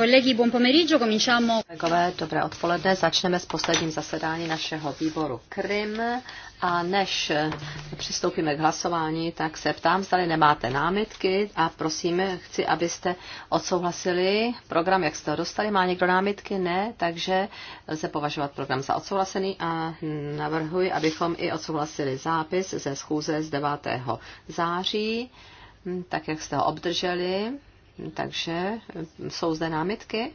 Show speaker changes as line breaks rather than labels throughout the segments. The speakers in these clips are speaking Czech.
Kolegy, buon pomeriggio, cominciamo. Kolegové, dobré odpoledne, začneme
s posledním zasedání našeho výboru Krym. A než přistoupíme k hlasování, tak se ptám, zda nemáte námitky a prosím, chci, abyste odsouhlasili program, jak jste ho dostali. Má někdo námitky? Ne, takže lze považovat program za odsouhlasený a navrhuji, abychom i odsouhlasili zápis ze schůze z 9. září, tak jak jste ho obdrželi. Takže eh, jsou zde námitky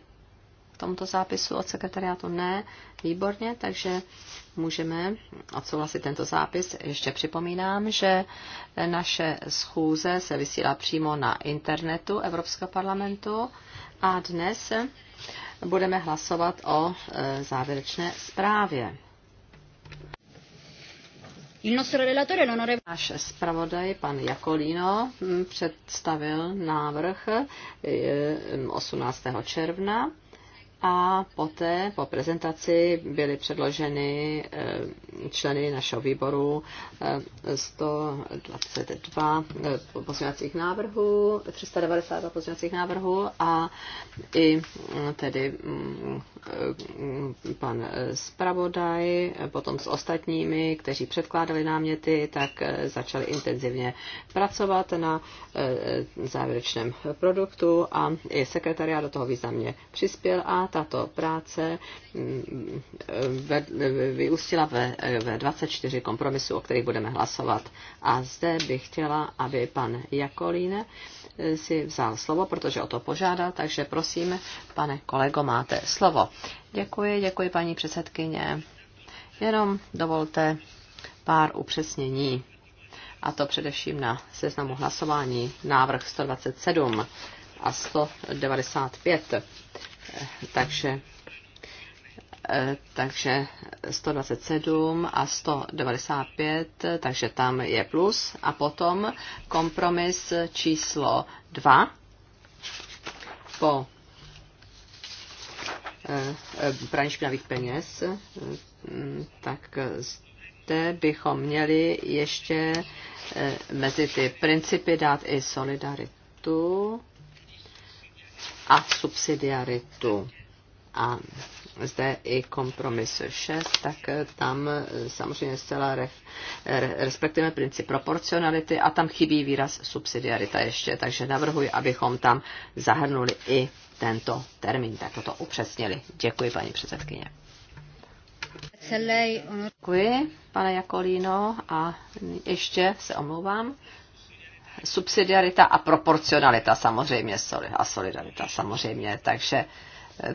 k tomuto zápisu od sekretariátu? Ne. Výborně, takže můžeme odsouhlasit tento zápis. Ještě připomínám, že naše schůze se vysílá přímo na internetu Evropského parlamentu a dnes budeme hlasovat o eh, závěrečné zprávě. Náš zpravodaj, pan Jakolino, představil návrh e, 18. června a poté, po prezentaci, byly předloženy eh, členy našeho výboru 122 eh, eh, pozměňovacích návrhů, 392 pozměňovacích návrhů a i mm, tedy mm, mm, pan zpravodaj, potom s ostatními, kteří předkládali náměty, tak začali intenzivně pracovat na závěrečném produktu a i sekretariát do toho významně přispěl a tato práce mm, mm, vyústila ve, ve 24 kompromisů, o kterých budeme hlasovat. A zde bych chtěla, aby pan Jakolíne eh, si vzal slovo, protože o to požádal, takže prosím, pane kolego, máte slovo. Děkuji, děkuji paní předsedkyně. Jenom dovolte pár upřesnění, a to především na seznamu hlasování návrh 127 a 195. Takže eh, takže 127 a 195, takže tam je plus. A potom kompromis číslo 2 po eh, praní špinavých peněz, eh, tak zde bychom měli ještě mezi ty principy dát i solidaritu a subsidiaritu. A zde i kompromis 6, tak tam samozřejmě zcela respektujeme princip proporcionality a tam chybí výraz subsidiarita ještě, takže navrhuji, abychom tam zahrnuli i tento termín, tak to upřesnili. Děkuji, paní předsedkyně. Děkuji, pane Jakolíno, a ještě se omlouvám subsidiarita a proporcionalita samozřejmě a solidarita samozřejmě, takže,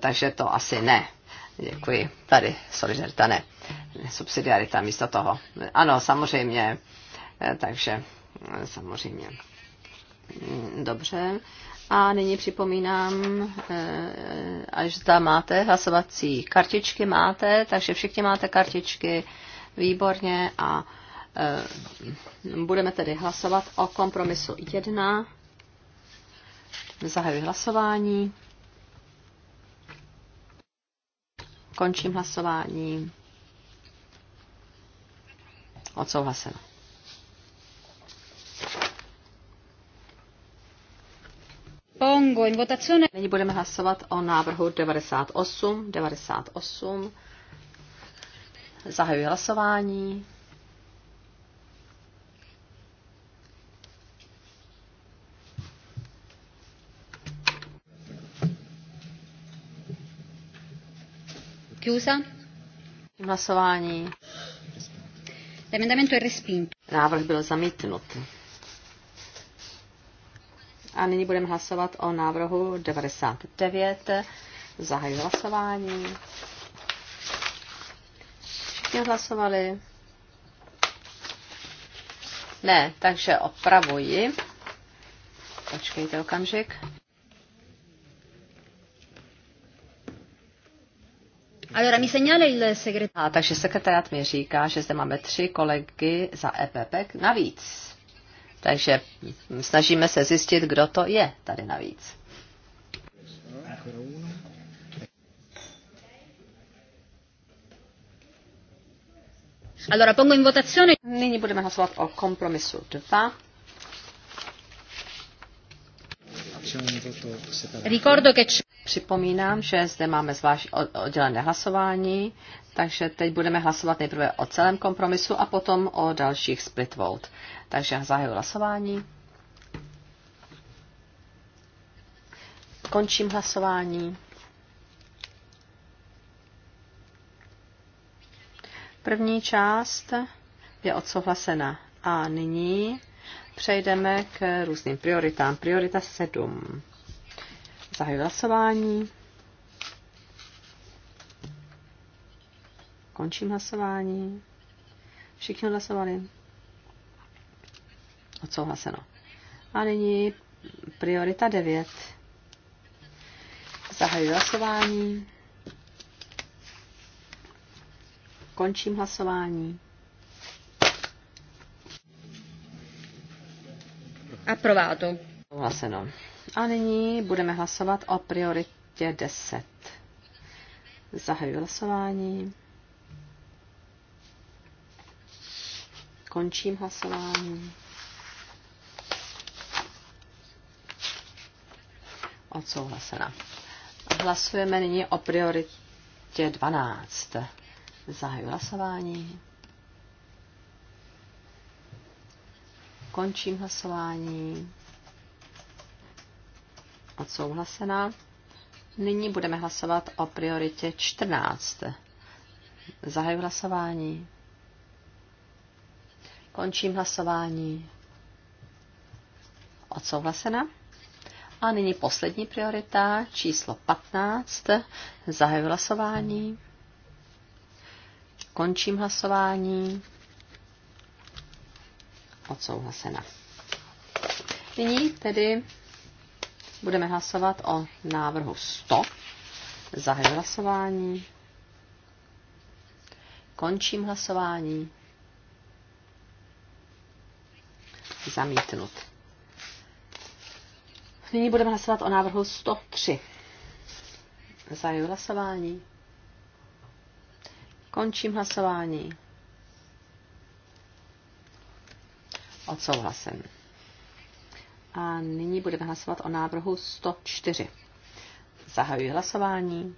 takže to asi ne. Děkuji. Tady solidarita ne. Subsidiarita místo toho. Ano, samozřejmě. Eh, takže eh, samozřejmě. Mm, dobře. A nyní připomínám, eh, až zda máte hlasovací kartičky, máte, takže všichni máte kartičky, výborně a Eh, budeme tedy hlasovat o kompromisu 1. Zahajuji hlasování. Končím hlasování. Odsouhlaseno. Pongo in votazione. Nyní budeme hlasovat o návrhu 98. 98. Zahajuji hlasování. Chiusa. Hlasování. L'emendamento è respinto. Návrh byl zamítnut. A nyní budeme hlasovat o návrhu 99. Zahajuji hlasování. Všichni hlasovali? Ne, takže opravuji. Počkejte okamžik. Allora, mi segnala il segretario. Ah, takže sekretariat mi říká, že zde máme tři kolegy za EPP navíc. Takže snažíme se zjistit, kdo to je tady navíc. Allora, pongo in votazione. Nyní budeme hlasovat o kompromisu 2. Připomínám, že zde máme zvlášť oddělené hlasování, takže teď budeme hlasovat nejprve o celém kompromisu a potom o dalších split vote. Takže zahajuji hlasování. Končím hlasování. První část je odsouhlasena. A nyní přejdeme k různým prioritám. Priorita 7. Zahajuji hlasování. Končím hlasování. Všichni hlasovali. Odsouhlaseno. A nyní priorita 9. Zahajuji hlasování. Končím hlasování. Approvato. Hlaseno. A nyní budeme hlasovat o prioritě 10. Zahajuji hlasování. Končím hlasování. Odsouhlasena. Hlasujeme nyní o prioritě 12. Zahajuji hlasování. Končím hlasování. Odsouhlasená. Nyní budeme hlasovat o prioritě 14. Zahajuji hlasování. Končím hlasování. Odsouhlasena. A nyní poslední priorita, číslo 15. Zahajuji hlasování. Končím hlasování odsouhlasena. Nyní tedy budeme hlasovat o návrhu 100. Zahajuji hlasování. Končím hlasování. Zamítnut. Nyní budeme hlasovat o návrhu 103. Zahajuji hlasování. Končím hlasování. odsouhlasen. A nyní budeme hlasovat o návrhu 104. Zahajuji hlasování.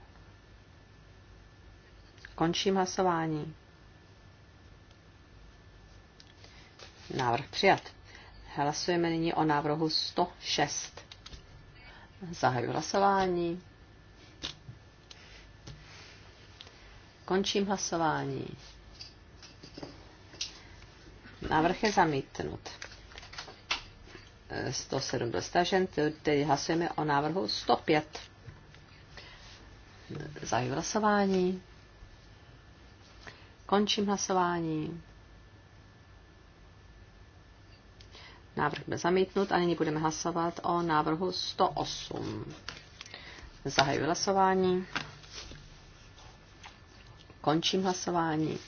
Končím hlasování. Návrh přijat. Hlasujeme nyní o návrhu 106. Zahajuji hlasování. Končím hlasování. Návrh je zamítnut. 107 e, byl stažen, tedy hlasujeme o návrhu 105. Zahajuji hlasování. Končím hlasování. Návrh byl zamítnut a nyní budeme hlasovat o návrhu 108. Zahajuji hlasování. Končím hlasování.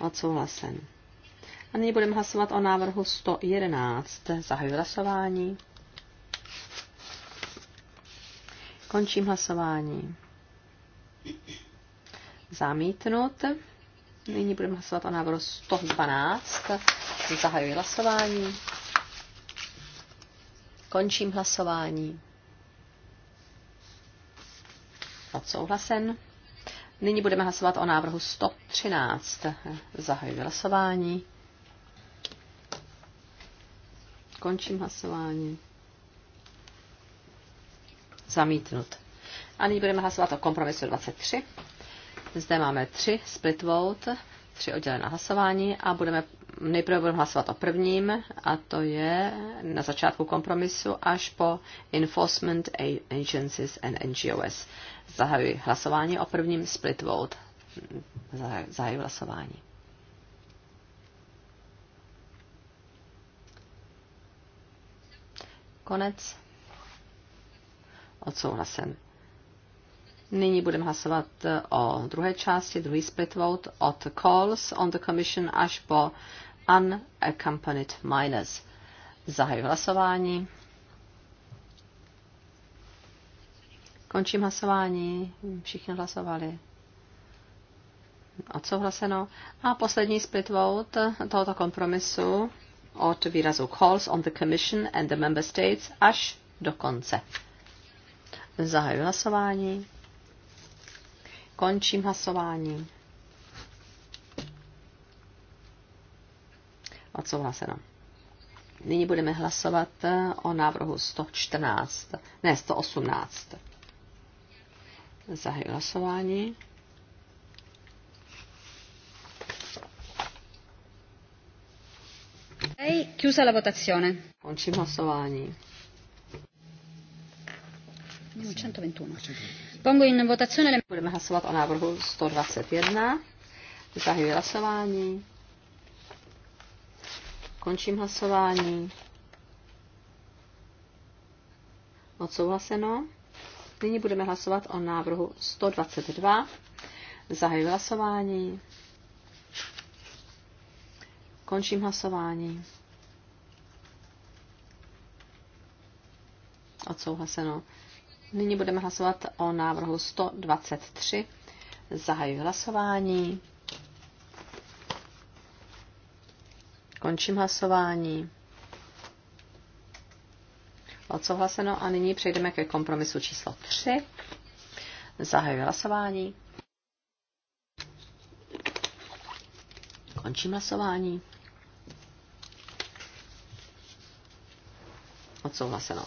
Odsouhlasen. A nyní budeme hlasovat o návrhu 111. Zahajuji hlasování. Končím hlasování. Zamítnut. Nyní budeme hlasovat o návrhu 112. Zahajuji hlasování. Končím hlasování. Odsouhlasen. Nyní budeme hlasovat o návrhu 113. Zahajuji hlasování. Končím hlasování. Zamítnut. A nyní budeme hlasovat o kompromisu 23. Zde máme tři split vote, tři oddělená hlasování a budeme nejprve budeme hlasovat o prvním, a to je na začátku kompromisu až po Enforcement Agencies and NGOs. Zahajuji hlasování o prvním split vote. Zahajuji hlasování. Konec. Odsouhlasen. Nyní budeme hlasovat o druhé části, druhý split vote od calls on the commission až po unaccompanied minors. Zahajuji hlasování. Končím hlasování. Všichni hlasovali. Odsouhlaseno. A poslední split vote tohoto kompromisu od výrazu calls on the Commission and the Member States až do konce. Zahajuji hlasování. Končím hlasování. Odsouhlaseno. Nyní budeme hlasovat eh, o návrhu 114, ne 118. Zahajuji hlasování.
Lei chiusa la votazione.
Končím hlasování. 121. No, Pongo in votazione le... Budeme hlasovat o návrhu 121. Zahajuji hlasování. Končím hlasování. Odsouhlaseno. Nyní budeme hlasovat o návrhu 122. Zahajuji hlasování. Končím hlasování. Odsouhlaseno. Nyní budeme hlasovat o návrhu 123. Zahajuji hlasování. Končím hlasování. Odsouhlaseno a nyní přejdeme ke kompromisu číslo 3. Zahajuji hlasování. Končím hlasování. Odsouhlaseno.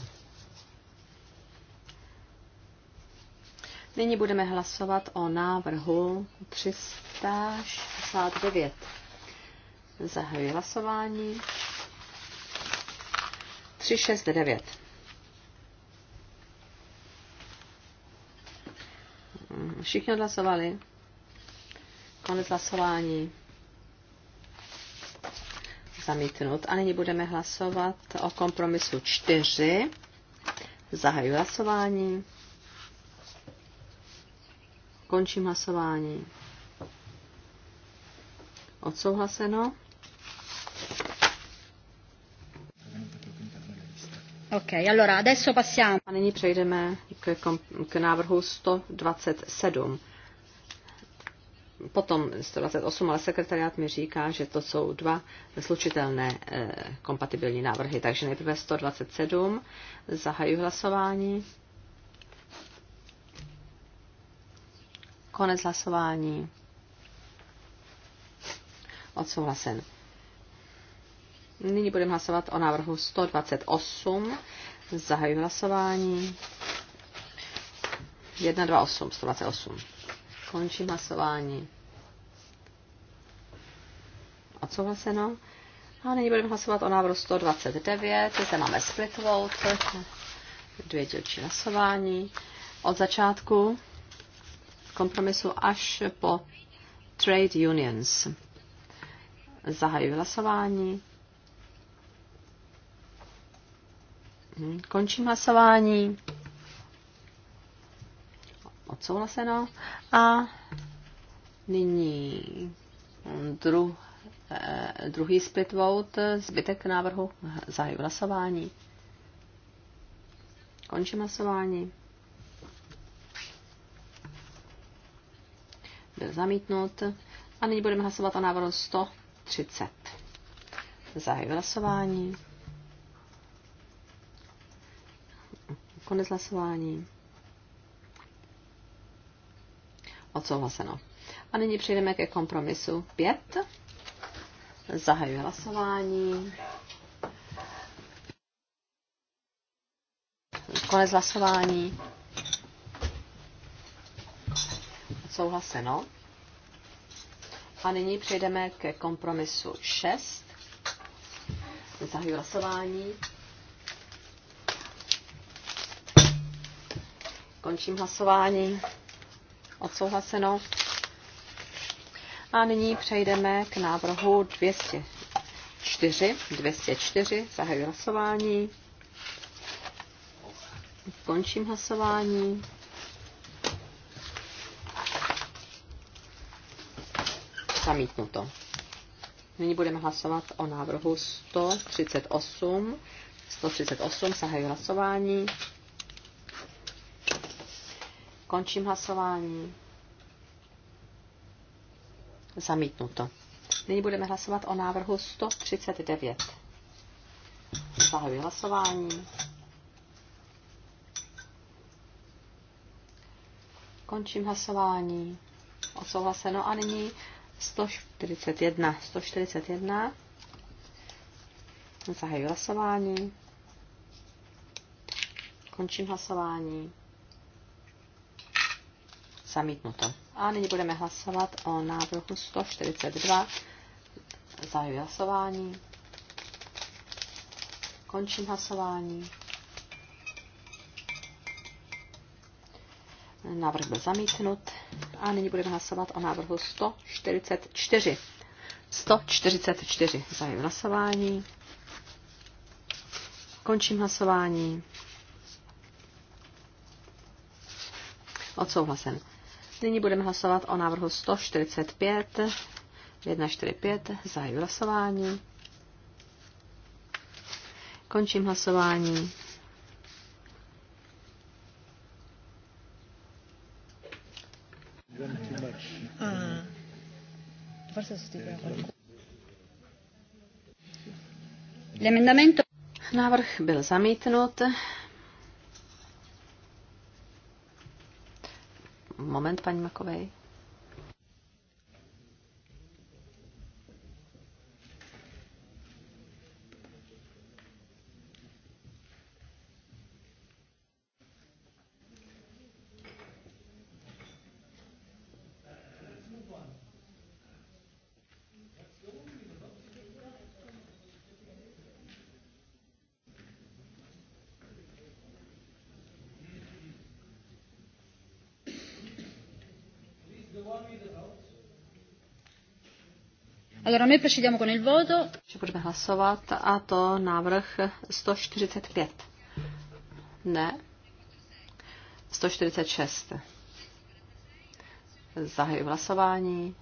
Nyní budeme hlasovat o návrhu 369. Zahajuji hlasování. 3, 6, 9. Všichni odhlasovali. Konec hlasování. Zamítnut. A nyní budeme hlasovat o kompromisu 4. Zahajuji hlasování. Končím hlasování. Odsouhlaseno. Ok, allora adesso passiamo. A nyní přejdeme k, k návrhu 127. Potom 128, ale sekretariát mi říká, že to jsou dva slučitelné eh, kompatibilní návrhy. Takže nejprve 127, zahaju hlasování. Konec hlasování. Odsouhlasen. Nyní budeme hlasovat o návrhu 128. Zahajuji hlasování. 1, 2, 8, 128. Končím hlasování. Odsouhlaseno. A nyní budeme hlasovat o návrhu 129. Zde máme split vote, dvě dělčí hlasování. Od začátku kompromisu až po trade unions. Zahajuji hlasování. Hm, končím hlasování. Odsouhlaseno. A nyní dru, eh, druhý split vote, zbytek návrhu, zahajuji hlasování. Končím hlasování. Byl zamítnut. A nyní budeme hlasovat o návrhu 130. Zahajuji hlasování. Konec hlasování. Odsouhlaseno. A nyní přejdeme ke kompromisu 5. Zahajuji hlasování. Konec hlasování. Souhlaseno. A nyní přejdeme ke kompromisu 6. Zahajuji hlasování. Končím hlasování. Odsouhlaseno. A nyní přejdeme k návrhu 204. 204. Zahajuji hlasování. Končím hlasování. Zamítnuto. Nyní budeme hlasovat o návrhu 138. 138. Zahajuji hlasování. Končím hlasování. Zamítnuto. Nyní budeme hlasovat o návrhu 139. Zahajuji hlasování. Končím hlasování. Odsouhlaseno a nyní 141. 141. Zahajuji hlasování. Končím hlasování. Zamítnuto. A nyní budeme hlasovat o návrhu 142. Zahajuji hlasování. Končím hlasování. Návrh byl zamítnut. A nyní budeme hlasovat o návrhu 144. 144. Zahajuji hlasování. Končím hlasování. Odsouhlasen. Nyní budeme hlasovat o návrhu 145. 145. Zahajuji hlasování. Končím hlasování. Aha. Návrh byl zamítnut. moment, paní Makovej. Allora, noi procediamo con il voto. Budeme hlasovat a to návrh 145. Ne. 146. Zahajuji hlasování.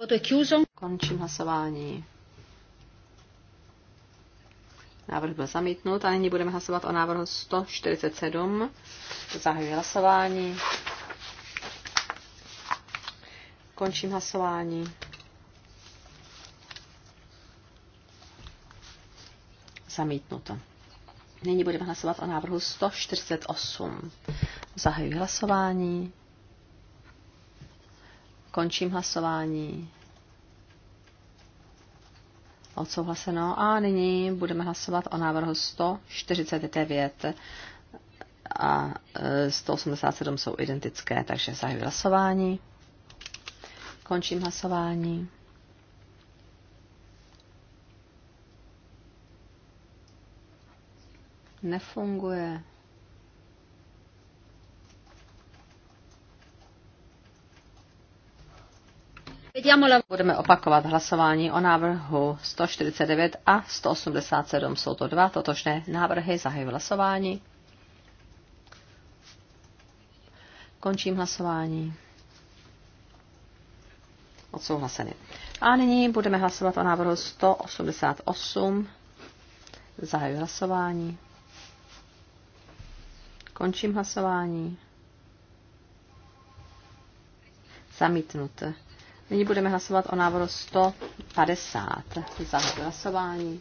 Voto je chiuso. Končím hlasování. Návrh byl zamítnut a nyní budeme hlasovat o návrhu 147. Zahajuji hlasování. Končím hlasování. Zamítnuto. Nyní budeme hlasovat o návrhu 148. Zahajuji hlasování. Končím hlasování. Odsouhlaseno. A nyní budeme hlasovat o návrhu 149 a 187 e, jsou identické, takže zahajuji hlasování. Končím hlasování. Nefunguje. Budeme opakovat hlasování o návrhu 149 a 187. Jsou to dva totožné návrhy. Zahajuji hlasování. Končím hlasování. Odsouhlaseny. A nyní budeme hlasovat o návrhu 188. Zahajuji hlasování. Končím hlasování. Zamítnut. Nyní budeme hlasovat o návrhu 150. Zahajuji hlasování.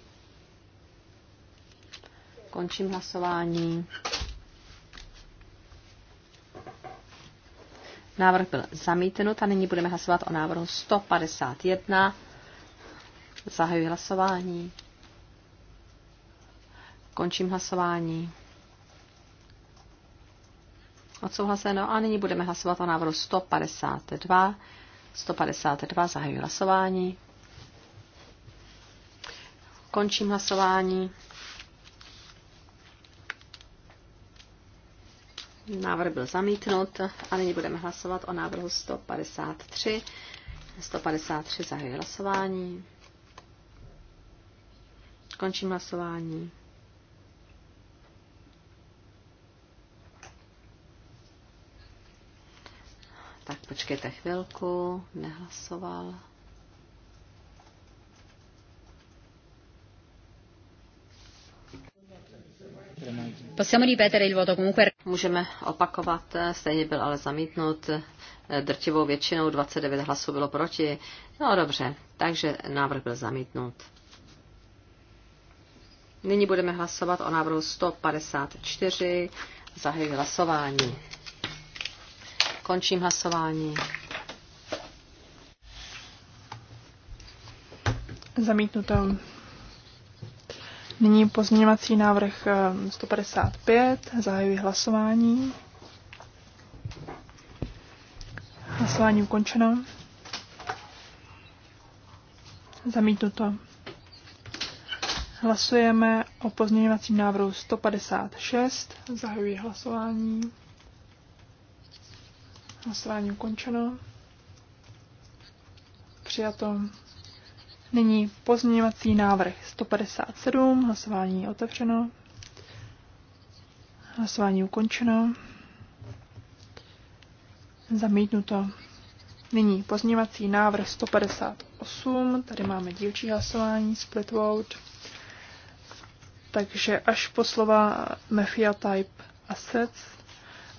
Končím hlasování. Návrh byl zamítnut a nyní budeme hlasovat o návrhu 151. Zahajuji hlasování. Končím hlasování. Odsouhlaseno a nyní budeme hlasovat o návrhu 152. 152 zahajuji hlasování. Končím hlasování. Návrh byl zamítnut a nyní budeme hlasovat o návrhu 153. 153 zahajuje hlasování. Končím hlasování. Tak počkejte chvilku, nehlasoval.
Possiamo ripetere il voto comunque.
Můžeme opakovat, eh, stejně byl ale zamítnut eh, drtivou většinou, 29 hlasů bylo proti. No dobře, takže návrh byl zamítnut. Nyní budeme hlasovat o návrhu 154. Zahajuji hlasování. Končím hlasování.
Zamítnuto. Nyní pozměňovací návrh 155. Eh, Zahajuji hlasování. Hlasování ukončeno. Zamítnuto. Hlasujeme o pozměňovacím návrhu 156. Zahajuji hlasování. Hlasování ukončeno. Přijato. Nyní pozměňovací návrh 157, hlasování otevřeno, hlasování ukončeno, zamítnuto. Nyní pozměňovací návrh 158, tady máme dílčí hlasování, split vote, takže až po slova Mafia Type Assets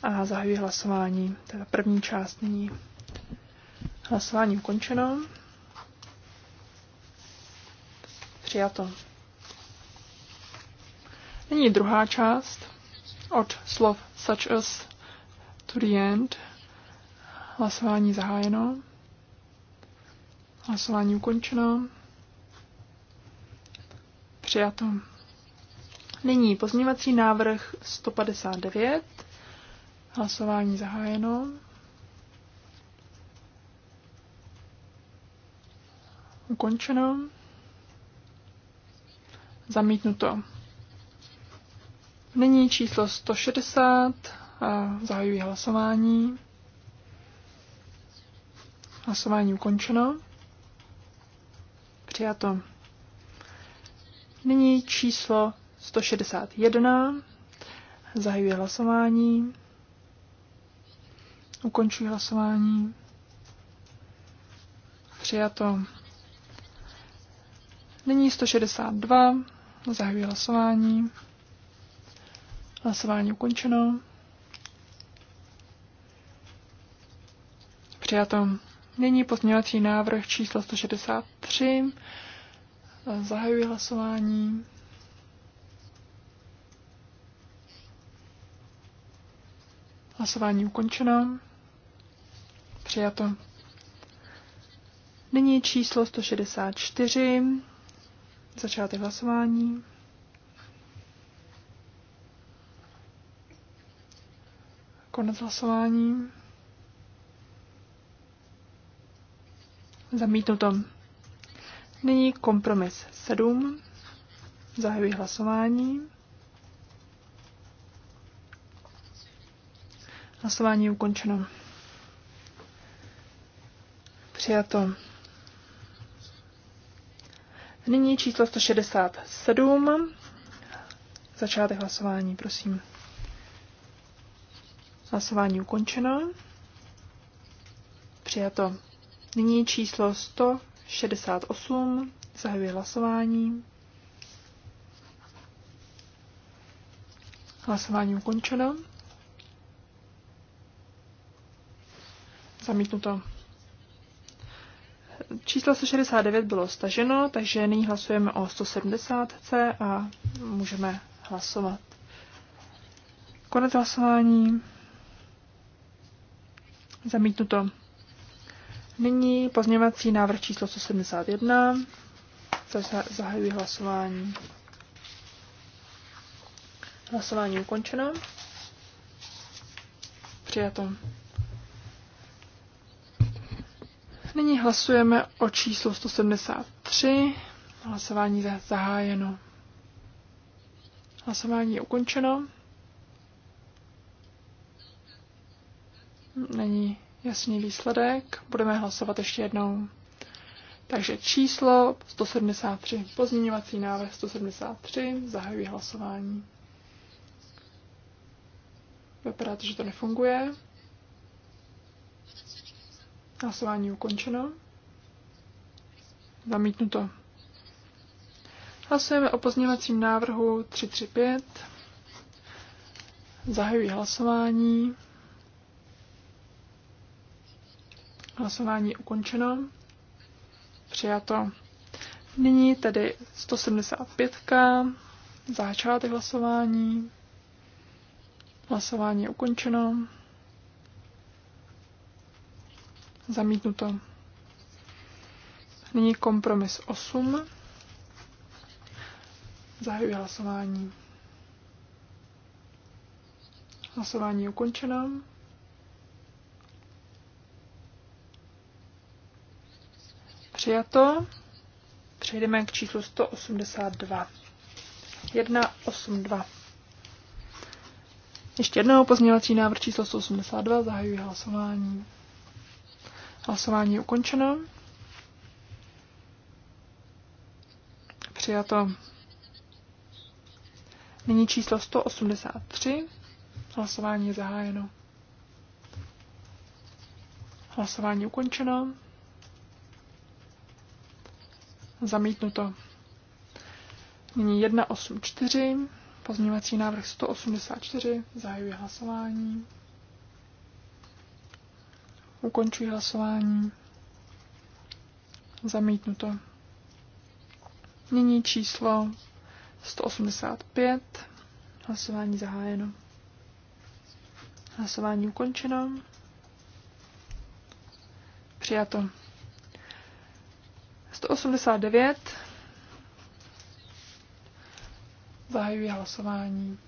a zahajuji hlasování, teda první část nyní. Hlasování ukončeno. Přijato. Nyní druhá část od slov such as to the end. Hlasování zahájeno. Hlasování ukončeno. Přijato. Nyní pozměňovací návrh 159. Hlasování zahájeno. Ukončeno. Zamítnuto. Nyní číslo 160. Zahajuji hlasování. Hlasování ukončeno. Přijato. Nyní číslo 161. Zahajuji hlasování. Ukončuji hlasování. Přijato. Nyní 162. Zahajuji hlasování. Hlasování ukončeno. Přijato. Nyní pozměňovací návrh číslo 163. Zahajuji hlasování. Hlasování ukončeno. Přijato. Nyní číslo 164. Začátek hlasování. Konec hlasování. Zamítnuto. Nyní kompromis 7. Zahajuji hlasování. Hlasování je ukončeno. Přijato. Nyní číslo 167. Začátek hlasování, prosím. Hlasování ukončeno. Přijato. Nyní číslo 168. Zahajuji hlasování. Hlasování ukončeno. Zamítnuto. Číslo 169 bylo staženo, takže nyní hlasujeme o 170C a můžeme hlasovat. Konec hlasování. Zamítnuto. Nyní pozměňovací návrh číslo 171. Zahajuji hlasování. Hlasování ukončeno. Přijatom. Nyní hlasujeme o číslu 173. Hlasování je zahájeno. Hlasování je ukončeno. Není jasný výsledek. Budeme hlasovat ještě jednou. Takže číslo 173. Pozměňovací návrh 173. Zahajuji hlasování. Vypadá to, že to nefunguje. Hlasování ukončeno. Zamítnuto. Hlasujeme o pozměňovacím návrhu 335. Zahajuji hlasování. Hlasování je ukončeno. Přijato. Nyní tedy 175. Začátek hlasování. Hlasování je ukončeno. Zamítnuto. Nyní kompromis 8. Zahajuji hlasování. Hlasování je ukončeno. Přijato. Přejdeme k číslu 182. 182. Ještě jednou pozměňovací návrh číslo 182. Zahajuji hlasování. Hlasování je ukončeno. Přijato. Nyní číslo 183. Hlasování je zahájeno. Hlasování ukončeno. Zamítnuto. Nyní 184. Pozměňovací návrh 184. Zahajuji hlasování. Ukončuji hlasování. Zamítnuto. Nyní číslo 185. Hlasování zahájeno. Hlasování ukončeno. Přijato. 189. Zahajuji hlasování.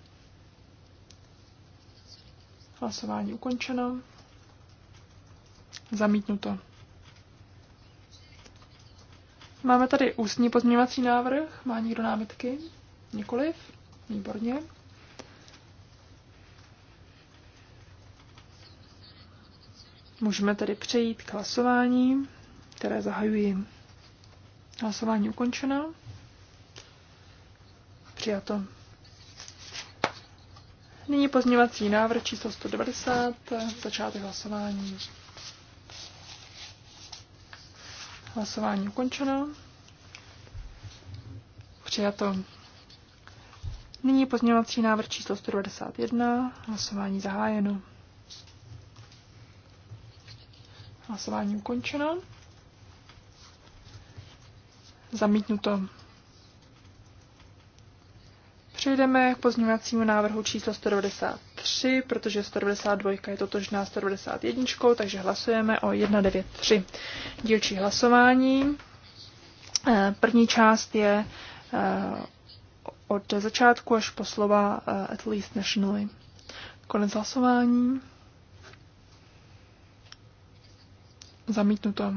Hlasování ukončeno. Zamítnuto. Máme tady ústní pozměňovací návrh. Má někdo námitky? Nikoliv? Výborně. Můžeme tedy přejít k hlasování, které zahajuji. Hlasování ukončeno. Přijato. Nyní pozměňovací návrh číslo 190, začátek hlasování. Hlasování ukončeno. Přijato. Nyní pozměňovací návrh číslo 191. Hlasování zahájeno. Hlasování ukončeno. Zamítnuto. Přejdeme k pozměňovacímu návrhu číslo 190. 193, protože 192 je totožná 191, takže hlasujeme o 193. Dílčí hlasování. Eh, první část je eh, od začátku až po slova eh, at least nationally. Konec hlasování. Zamítnuto.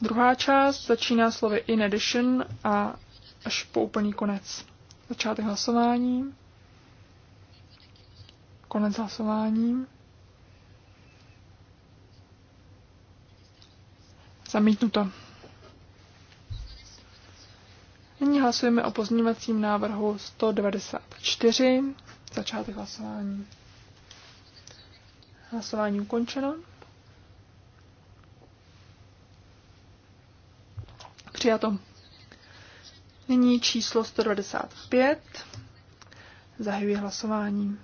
Druhá část začíná slovy in addition a až po úplný konec. Začátek hlasování. Konec hlasování. Zamítnuto. Nyní hlasujeme o pozměňovacím návrhu 194. Začátek hlasování. Hlasování ukončeno. Přijato. Nyní číslo 195. Zahajuji hlasování.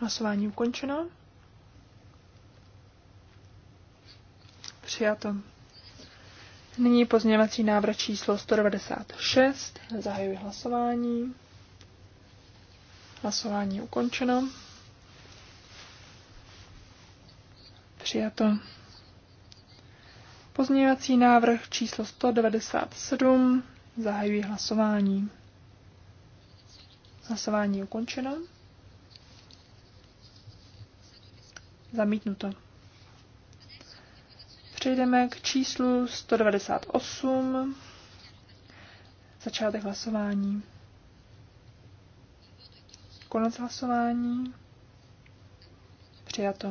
Hlasování ukončeno. Přijato. Nyní pozměňovací návrh číslo 196. Zahajuji hlasování. Hlasování ukončeno. Přijato. Pozměňovací návrh číslo 197. Zahajuji hlasování. Hlasování ukončeno. Zamítnuto. Přejdeme k číslu 198. Začátek hlasování. Konec hlasování. Přijato.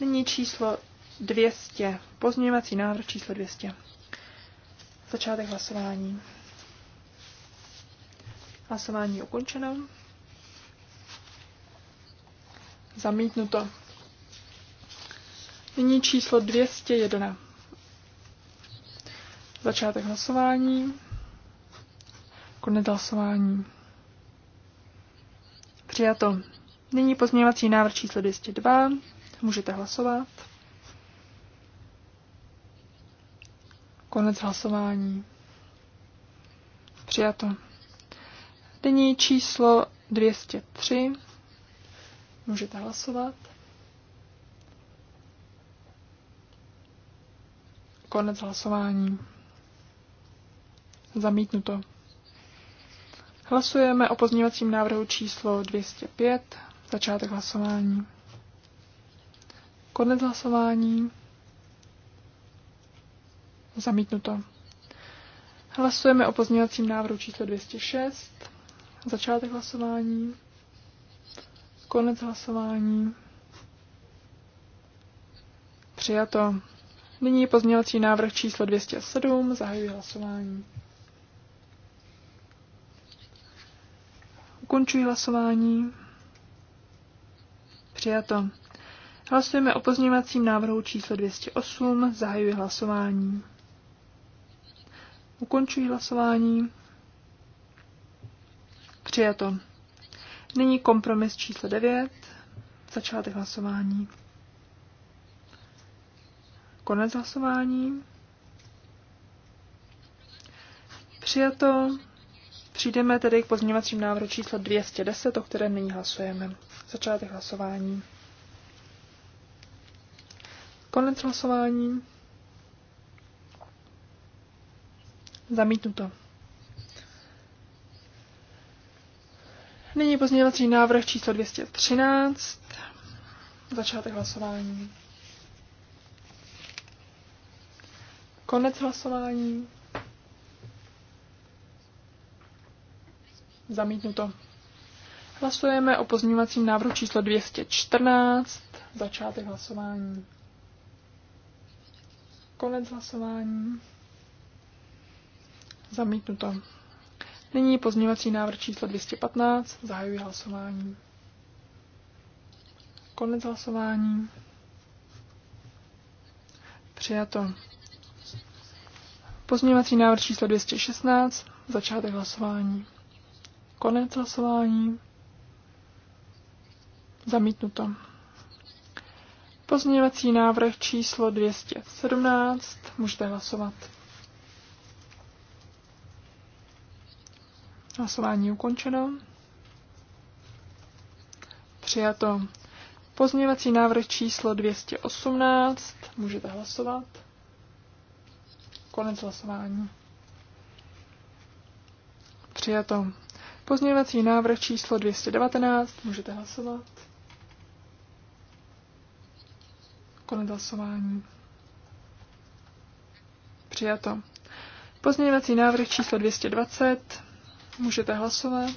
Nyní číslo 200. Pozměňovací návrh číslo 200. Začátek hlasování. Hlasování ukončeno. Zamítnuto. Nyní číslo 201. Začátek hlasování. Konec hlasování. Přijato. Nyní pozměňovací návrh číslo 202. Můžete hlasovat. Konec hlasování. Přijato. Nyní číslo 203. Můžete hlasovat. Konec hlasování. Zamítnuto. Hlasujeme o pozměňovacím návrhu číslo 205. Začátek hlasování. Konec hlasování. Zamítnuto. Hlasujeme o pozměňovacím návrhu číslo 206. Začátek hlasování. Konec hlasování. Přijato. Nyní pozměňovací návrh číslo 207. Zahajuji hlasování. Ukončuji hlasování. Přijato. Hlasujeme o pozměňovacím návrhu číslo 208. Zahajuji hlasování. Ukončuji hlasování. Přijato. Nyní kompromis číslo 9, začátek hlasování. Konec hlasování. Přijato. Přijdeme tedy k pozměňovacím návrhu číslo 210, o kterém nyní hlasujeme. Začátek hlasování. Konec hlasování. Zamítnuto. Nyní pozměňovací návrh číslo 213. Začátek hlasování. Konec hlasování. Zamítnuto. Hlasujeme o pozměňovacím návrhu číslo 214. Začátek hlasování. Konec hlasování. Zamítnuto. Nyní pozměňovací návrh číslo 215. Zahajuji hlasování. Konec hlasování. Přijato. Pozměňovací návrh číslo 216. Začátek hlasování. Konec hlasování. Zamítnuto. Pozměňovací návrh číslo 217. Můžete hlasovat. Hlasování ukončeno. Přijato. Pozměňovací návrh číslo 218. Můžete hlasovat. Konec hlasování. Přijato. Pozměňovací návrh číslo 219. Můžete hlasovat. Konec hlasování. Přijato. Pozměňovací návrh číslo 220. Můžete hlasovat.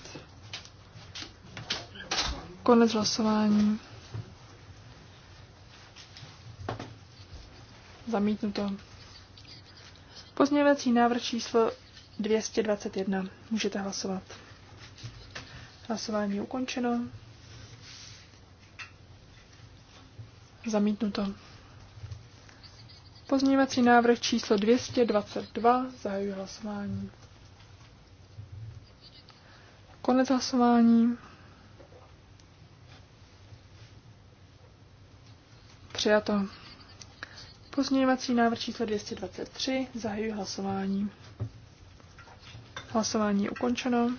Konec hlasování. Zamítnuto. Pozměňovací návrh číslo 221. Můžete hlasovat. Hlasování je ukončeno. Zamítnuto. Pozměňovací návrh číslo 222. Zahajuji hlasování. Konec hlasování. Přijato. Pozměňovací návrh číslo 223. Zahajuji hlasování. Hlasování je ukončeno.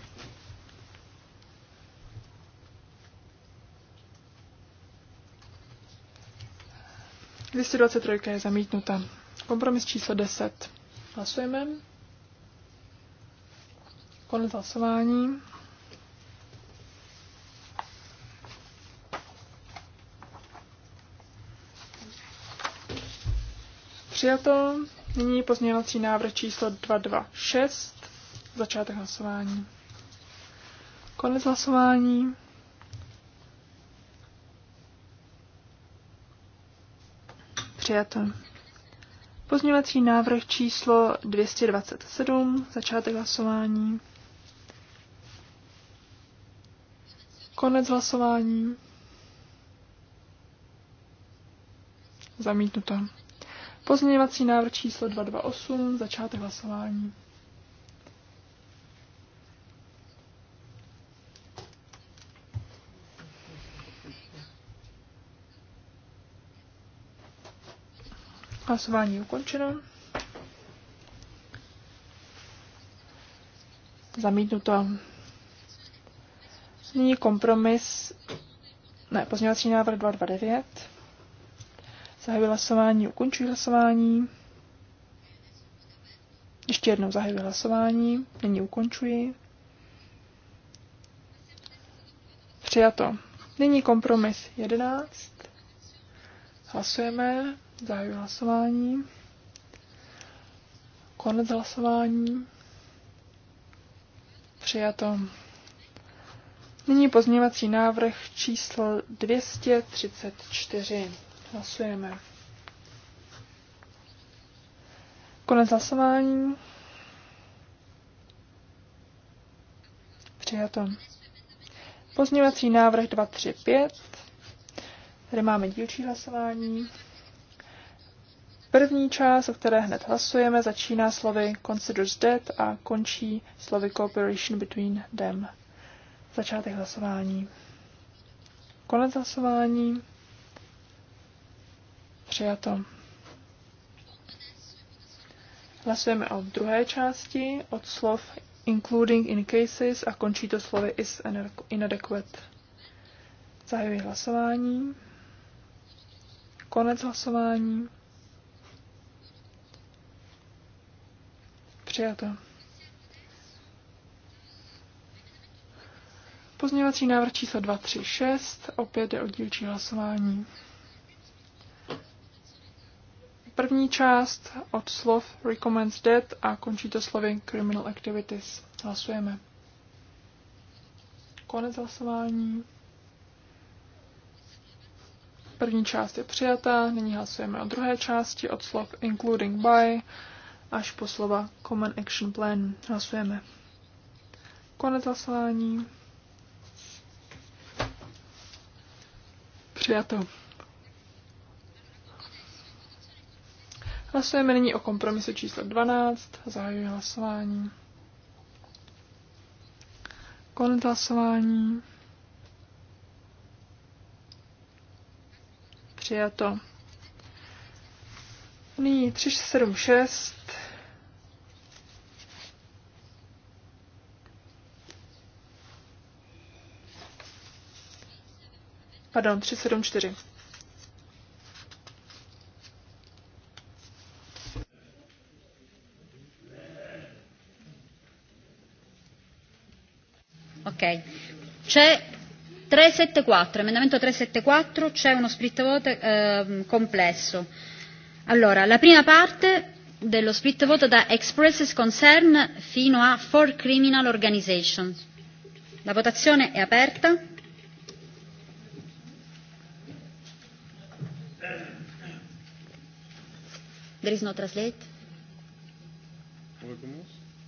trojka je zamítnuta. Kompromis číslo 10. Hlasujeme. Konec hlasování. Přijato. Nyní pozměňovací návrh číslo 226. Začátek hlasování. Konec hlasování. Přijato. Pozměňovací návrh číslo 227. Začátek hlasování. Konec hlasování. Zamítnuto. Pozměňovací návrh číslo 228, začátek hlasování. Hlasování ukončeno. Zamítnuto. Nyní kompromis, ne, pozměňovací návrh 229. Zahajuji hlasování, ukončuji hlasování. Ještě jednou zahajuji hlasování, nyní ukončuji. Přijato. Nyní kompromis 11. Hlasujeme, zahajuji hlasování. Konec hlasování. Přijato. Nyní pozměňovací návrh číslo 234. Hlasujeme. Konec hlasování. Přijato. Pozměňovací návrh 235. Tady máme dílčí hlasování. První část, o které hned hlasujeme, začíná slovy considers dead a končí slovy cooperation between them. Začátek hlasování. Konec hlasování. Přijato. Hlasujeme o druhé části od slov including in cases a končí to slovy is inadequate. Zahajuji hlasování. Konec hlasování. Přijato. Pozměňovací návrh číslo 236, opět je o dílčí hlasování. První část od slov recommends death a končí to slovy criminal activities. Hlasujeme. Konec hlasování. První část je přijatá, nyní hlasujeme o druhé části od slov including by až po slova common action plan. Hlasujeme. Konec hlasování. Přijato. Hlasujeme nyní o kompromisu číslo 12. Zahajuji hlasování. Konec hlasování. Přijato. Nyní 3676. Pardon, 374.
C'è 374, emendamento 374, c'è uno split vote eh, complesso. Allora, la prima parte dello split vote da expresses concern fino a for criminal organizations. La votazione è aperta. There
is no translate.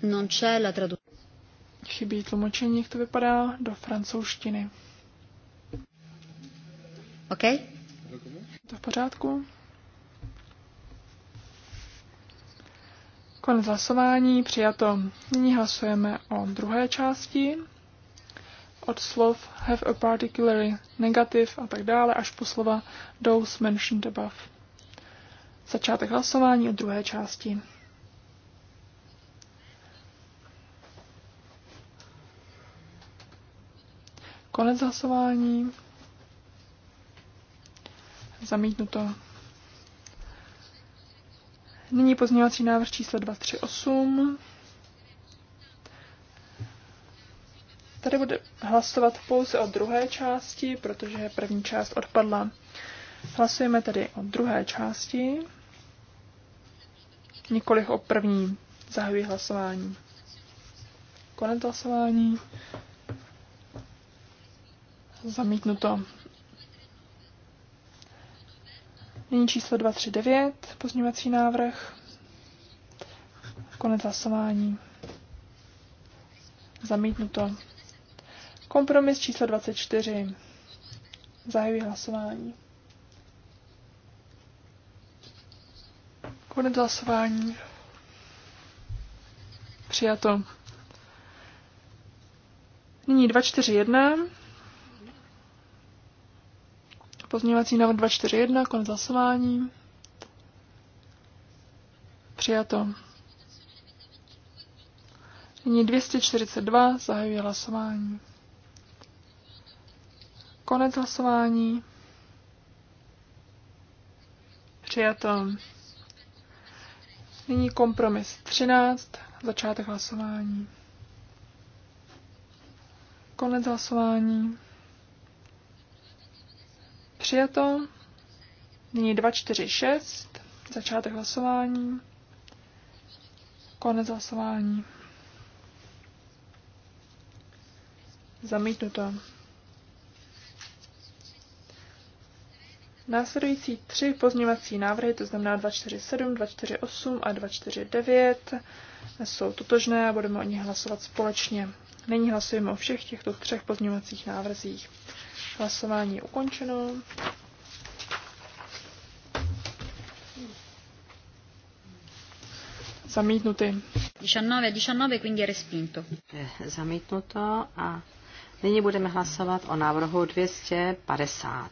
Non c'è la traduzione chybí tlumočení, jak to vypadá, do francouzštiny. OK? To v pořádku? Konec hlasování, přijato. Nyní hlasujeme o druhé části. Od slov have a particularly negative a tak dále až po slova those mentioned above. Začátek hlasování o druhé části. Konec hlasování. Zamítnuto. Nyní pozměňovací návrh číslo 238. Tady bude hlasovat pouze o druhé části, protože první část odpadla. Hlasujeme tedy o druhé části, nikoliv o první. Zahajuji hlasování. Konec hlasování. Zamítnuto. Nyní číslo 239, pozměňovací návrh. Konec hlasování. Zamítnuto. Kompromis číslo 24. Zahajuji hlasování. Konec hlasování. Přijato. Nyní 241. Pozměňovací návrh 241, konec hlasování. Přijato. Nyní 242, zahajuji hlasování. Konec hlasování. Přijato. Nyní kompromis 13, začátek hlasování. Konec hlasování. Přijato. Nyní 246. Začátek hlasování. Konec hlasování. Zamítnuto. Následující tři pozměňovací návrhy, to znamená 247, 248 a 249, jsou totožné a budeme o nich hlasovat společně. Nyní hlasujeme o všech těchto třech pozměňovacích návrzích. Hlasování je ukončeno. Zamítnuty. 19, 19,
quindi respinto. Zamítnuto a nyní budeme hlasovat o návrhu 250.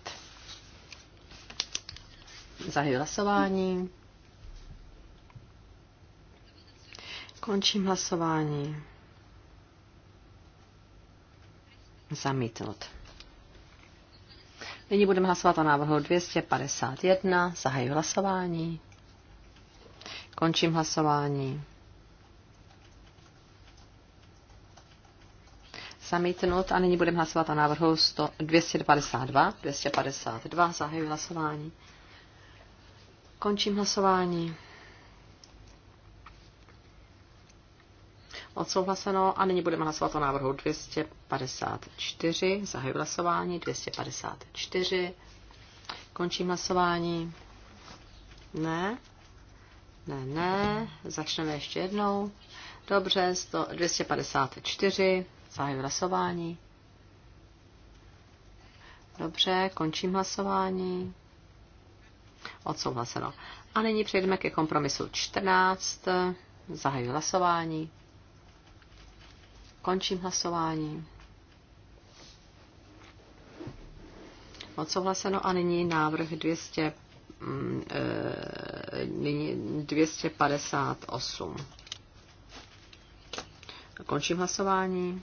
Zahajuji hlasování. Končím hlasování. Zamítnut. Nyní budeme hlasovat o návrhu 251. Zahajuji hlasování. Končím hlasování. Zamítnut. A nyní budeme hlasovat o návrhu 100, 252. 252. Zahajuji hlasování. Končím hlasování. Odsouhlaseno a nyní budeme hlasovat o návrhu 254. Zahajuji hlasování 254. Končím hlasování. Ne. Ne, ne. Začneme ještě jednou. Dobře, 100, 254. Zahajuji hlasování. Dobře, končím hlasování. Odsouhlaseno. A nyní přejdeme ke kompromisu 14. Zahajuji hlasování. Končím hlasování. Odsouhlaseno a nyní návrh 200, mm, e, nyní 258. Končím hlasování.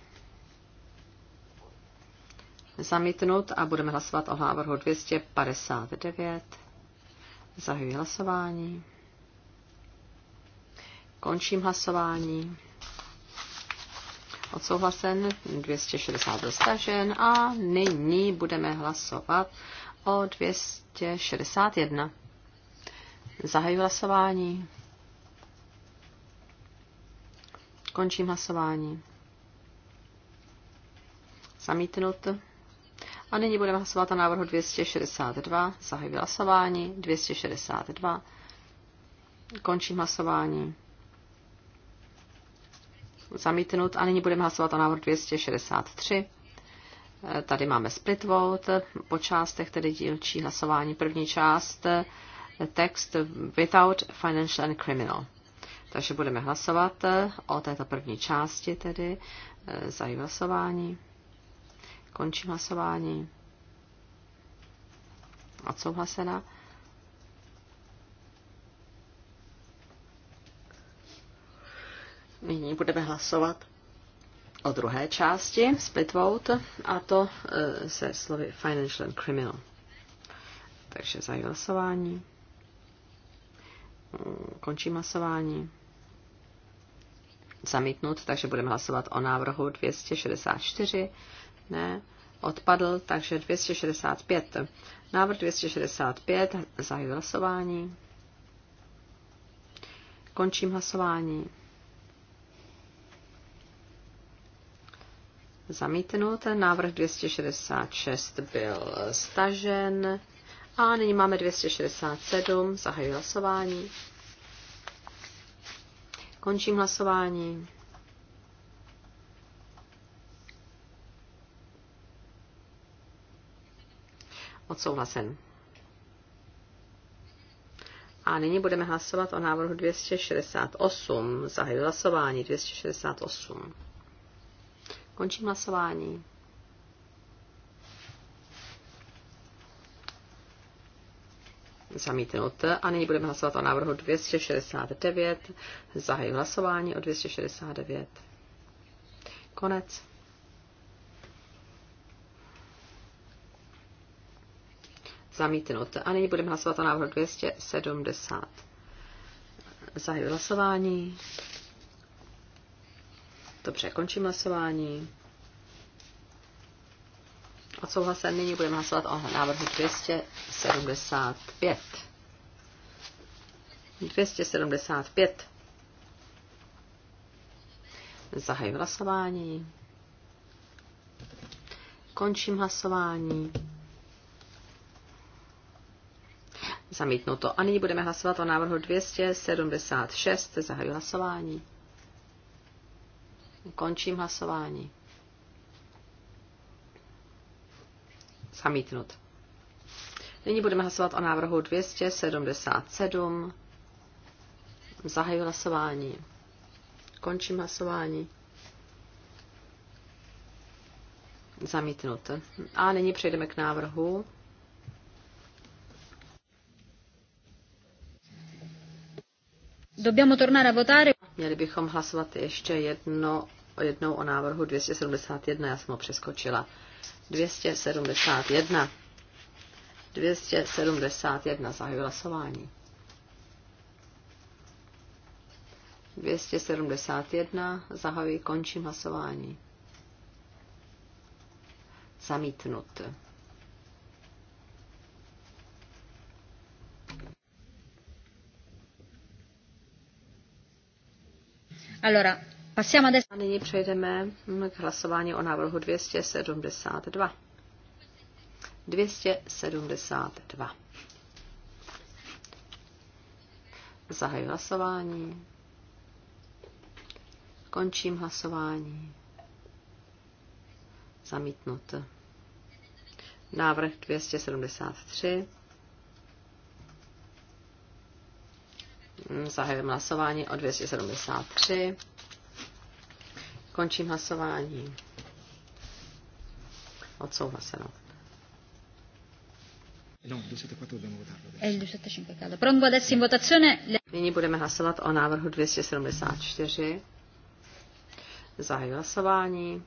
Zamítnut a budeme hlasovat o návrhu 259. Zahajuji hlasování. Končím hlasování odsouhlasen, 260 byl a nyní budeme hlasovat o 261. Zahajuji hlasování. Končím hlasování. Zamítnut. A nyní budeme hlasovat o návrhu 262. Zahajuji hlasování. 262. Končím hlasování zamítnut a nyní budeme hlasovat o návrhu 263. Eh, tady máme split vote po částech, tedy dílčí hlasování. První část eh, text without financial and criminal. Takže budeme hlasovat eh, o této první části, tedy za hlasování. Končím hlasování. Odsouhlasena. Nyní budeme hlasovat o druhé části split vote a to e, se slovy financial and criminal. Takže za hlasování. Mm, Končí hlasování. Zamítnut, takže budeme hlasovat o návrhu 264. Ne, odpadl, takže 265. Návrh 265, zahajuji hlasování. Končím hlasování. zamítnut. Návrh 266 byl stažen. A nyní máme 267. Zahajuji hlasování. Končím hlasování. Odsouhlasen. A nyní budeme hlasovat o návrhu 268. Zahajuji hlasování 268. Končím hlasování. Zamítnut. A nyní budeme hlasovat o návrhu 269. Zahajuji hlasování o 269. Konec. Zamítnut. A nyní budeme hlasovat o návrhu 270. Zahajuji hlasování. Dobře, končím hlasování. Odsouhlasen nyní budeme hlasovat o návrhu 275. 275. Zahaj hlasování. Končím hlasování. Zamítnuto. A nyní budeme hlasovat o návrhu 276. Zahaj hlasování. Končím hlasování. Zamítnut. Nyní budeme hlasovat o návrhu 277. Zahajuji hlasování. Končím hlasování. Zamítnut. A nyní přejdeme k návrhu. Dobbiamo tornare a votare. Měli bychom hlasovat ještě jedno jednou o návrhu 271, já jsem ho přeskočila. 271. 271, zahajuji hlasování. 271, zahajuji, končím hlasování. Zamítnut.
Allora, a
nyní přejdeme k hlasování o návrhu 272. 272. Zahajuji hlasování. Končím hlasování. Zamítnut. Návrh 273. Zahajujeme hlasování o 273. Končím hlasování. Odsouhlaseno. No, Nyní budeme hlasovat o návrhu 274. Zahajuji hlasování.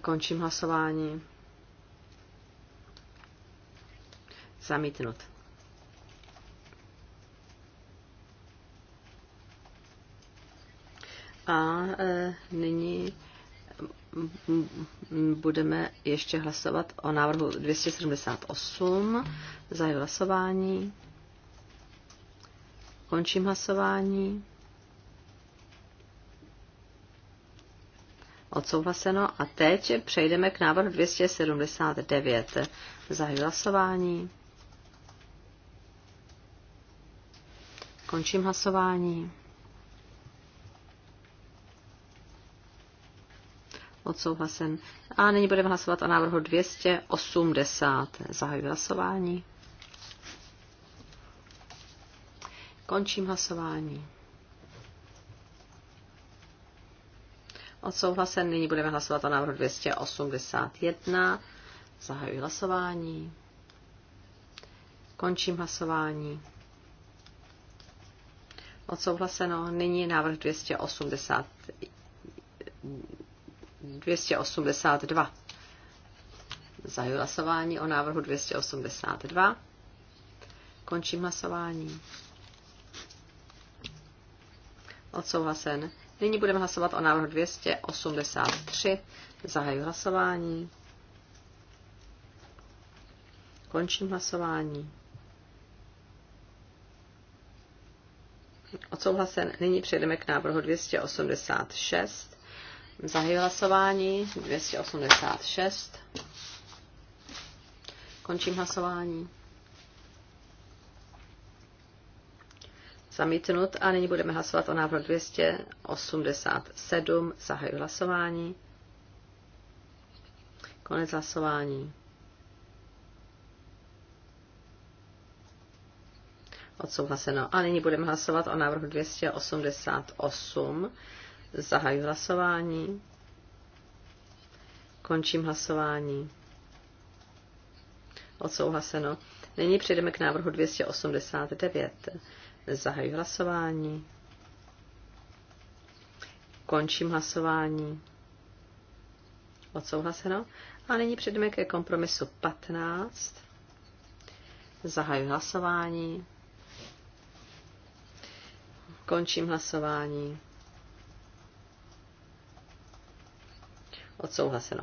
Končím hlasování. Zamítnut. A e, nyní budeme ještě hlasovat o návrhu 278. Zahajuji hlasování. Končím hlasování. Odsouhlaseno. A teď přejdeme k návrhu 279. Zahajuji hlasování. Končím hlasování. odsouhlasen. A nyní budeme hlasovat o návrhu 280. Zahajuji hlasování. Končím hlasování. Odsouhlasen. Nyní budeme hlasovat o návrhu 281. Zahajuji hlasování. Končím hlasování. Odsouhlaseno. Nyní návrh 280. 282. Zahajuji hlasování o návrhu 282. Končím hlasování. Odsouhlasen. Nyní budeme hlasovat o návrhu 283. Zahajuji hlasování. Končím hlasování. Odsouhlasen. Nyní přejdeme k návrhu 286. Zahy hlasování 286. Končím hlasování. Zamítnut a nyní budeme hlasovat o návrhu 287. Zahy hlasování. Konec hlasování. Odsouhlaseno. A nyní budeme hlasovat o návrhu 288. Zahajuji hlasování. Končím hlasování. Odsouhlaseno. Nyní přejdeme k návrhu 289. Zahajuji hlasování. Končím hlasování. Odsouhlaseno. A nyní přejdeme ke kompromisu 15. Zahajuji hlasování. Končím hlasování. Odsouhlaseno.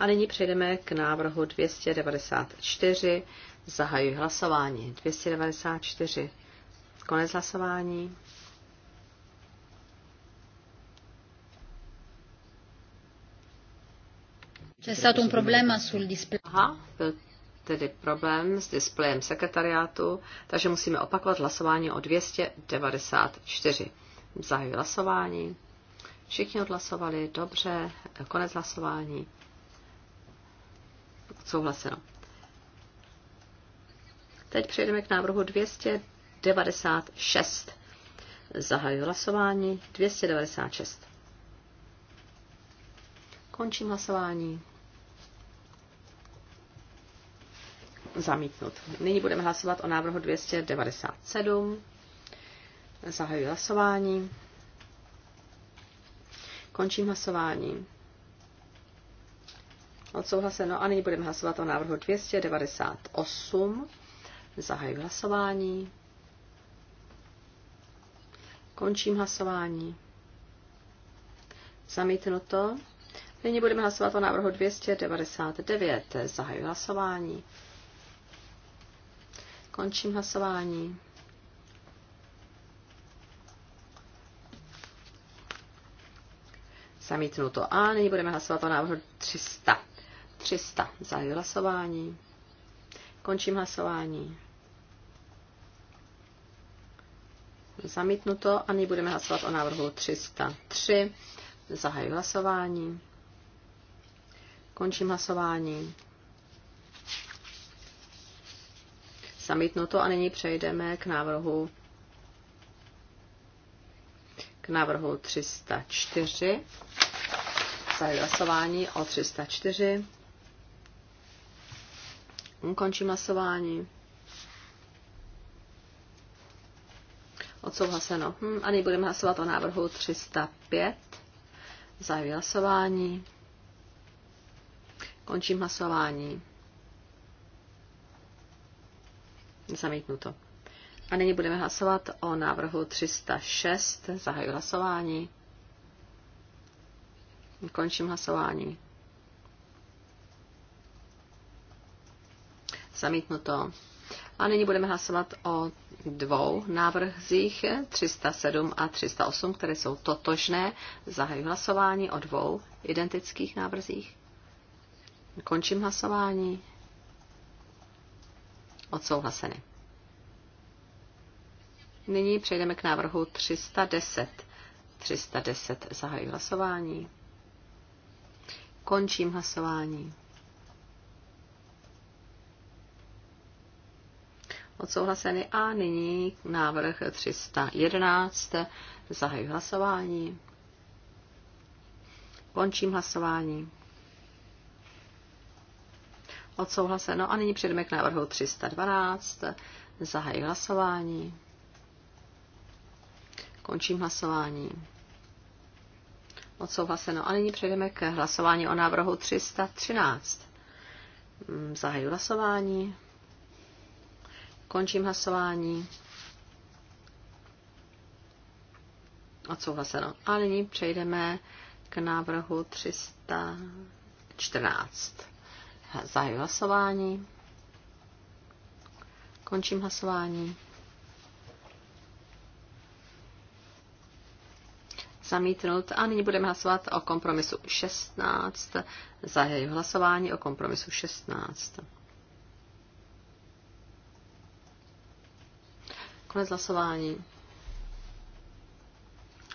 A nyní přejdeme k návrhu 294. Zahajuji hlasování. 294. Konec hlasování. C'è stato un problema sul display. Aha, byl tedy problém s displejem sekretariátu, takže musíme opakovat hlasování o 294. Zahajuji hlasování. Všichni odhlasovali, dobře, konec hlasování. Souhlaseno. Teď přejdeme k návrhu 296. Zahajuji hlasování 296. Končím hlasování. Zamítnut. Nyní budeme hlasovat o návrhu 297. Zahajuji hlasování. Končím hlasování. Odsouhlaseno a nyní budeme hlasovat o návrhu 298. Zahajuji hlasování. Končím hlasování. Zamítnuto. Nyní budeme hlasovat o návrhu 299. Zahajuji hlasování. Končím hlasování. Zamítnuto. A nyní budeme hlasovat o návrhu 300. 300. Zahajuji hlasování. Končím hlasování. Zamítnuto. A nyní budeme hlasovat o návrhu 303. Zahajuji hlasování. Končím hlasování. Zamítnuto. A nyní přejdeme k návrhu návrhu 304. Zahajuji hlasování o 304. Končím hlasování. Odsouhlaseno. Hm, a nyní budeme hlasovat o návrhu 305. Zahajuji hlasování. Končím hlasování. Zamítnuto. A nyní budeme hlasovat o návrhu 306. Zahajuji hlasování. Končím hlasování. Zamítnuto. A nyní budeme hlasovat o dvou návrzích 307 a 308, které jsou totožné. Zahajuji hlasování o dvou identických návrzích. Končím hlasování. Odsouhlaseny. Nyní přejdeme k návrhu 310. 310 zahají hlasování. Končím hlasování. Odsouhlaseny a nyní návrh 311. Zahají hlasování. Končím hlasování. Odsouhlaseno a nyní přejdeme k návrhu 312. Zahají hlasování. Končím hlasování. Odsouhlaseno. A nyní přejdeme k hlasování o návrhu 313. Mm, Zahaju hlasování. Končím hlasování. Odsouhlaseno. A nyní přejdeme k návrhu 314. Zahaju hlasování. Končím hlasování. zamítnut. A nyní budeme hlasovat o kompromisu 16. Zahajuji hlasování o kompromisu 16. Konec hlasování.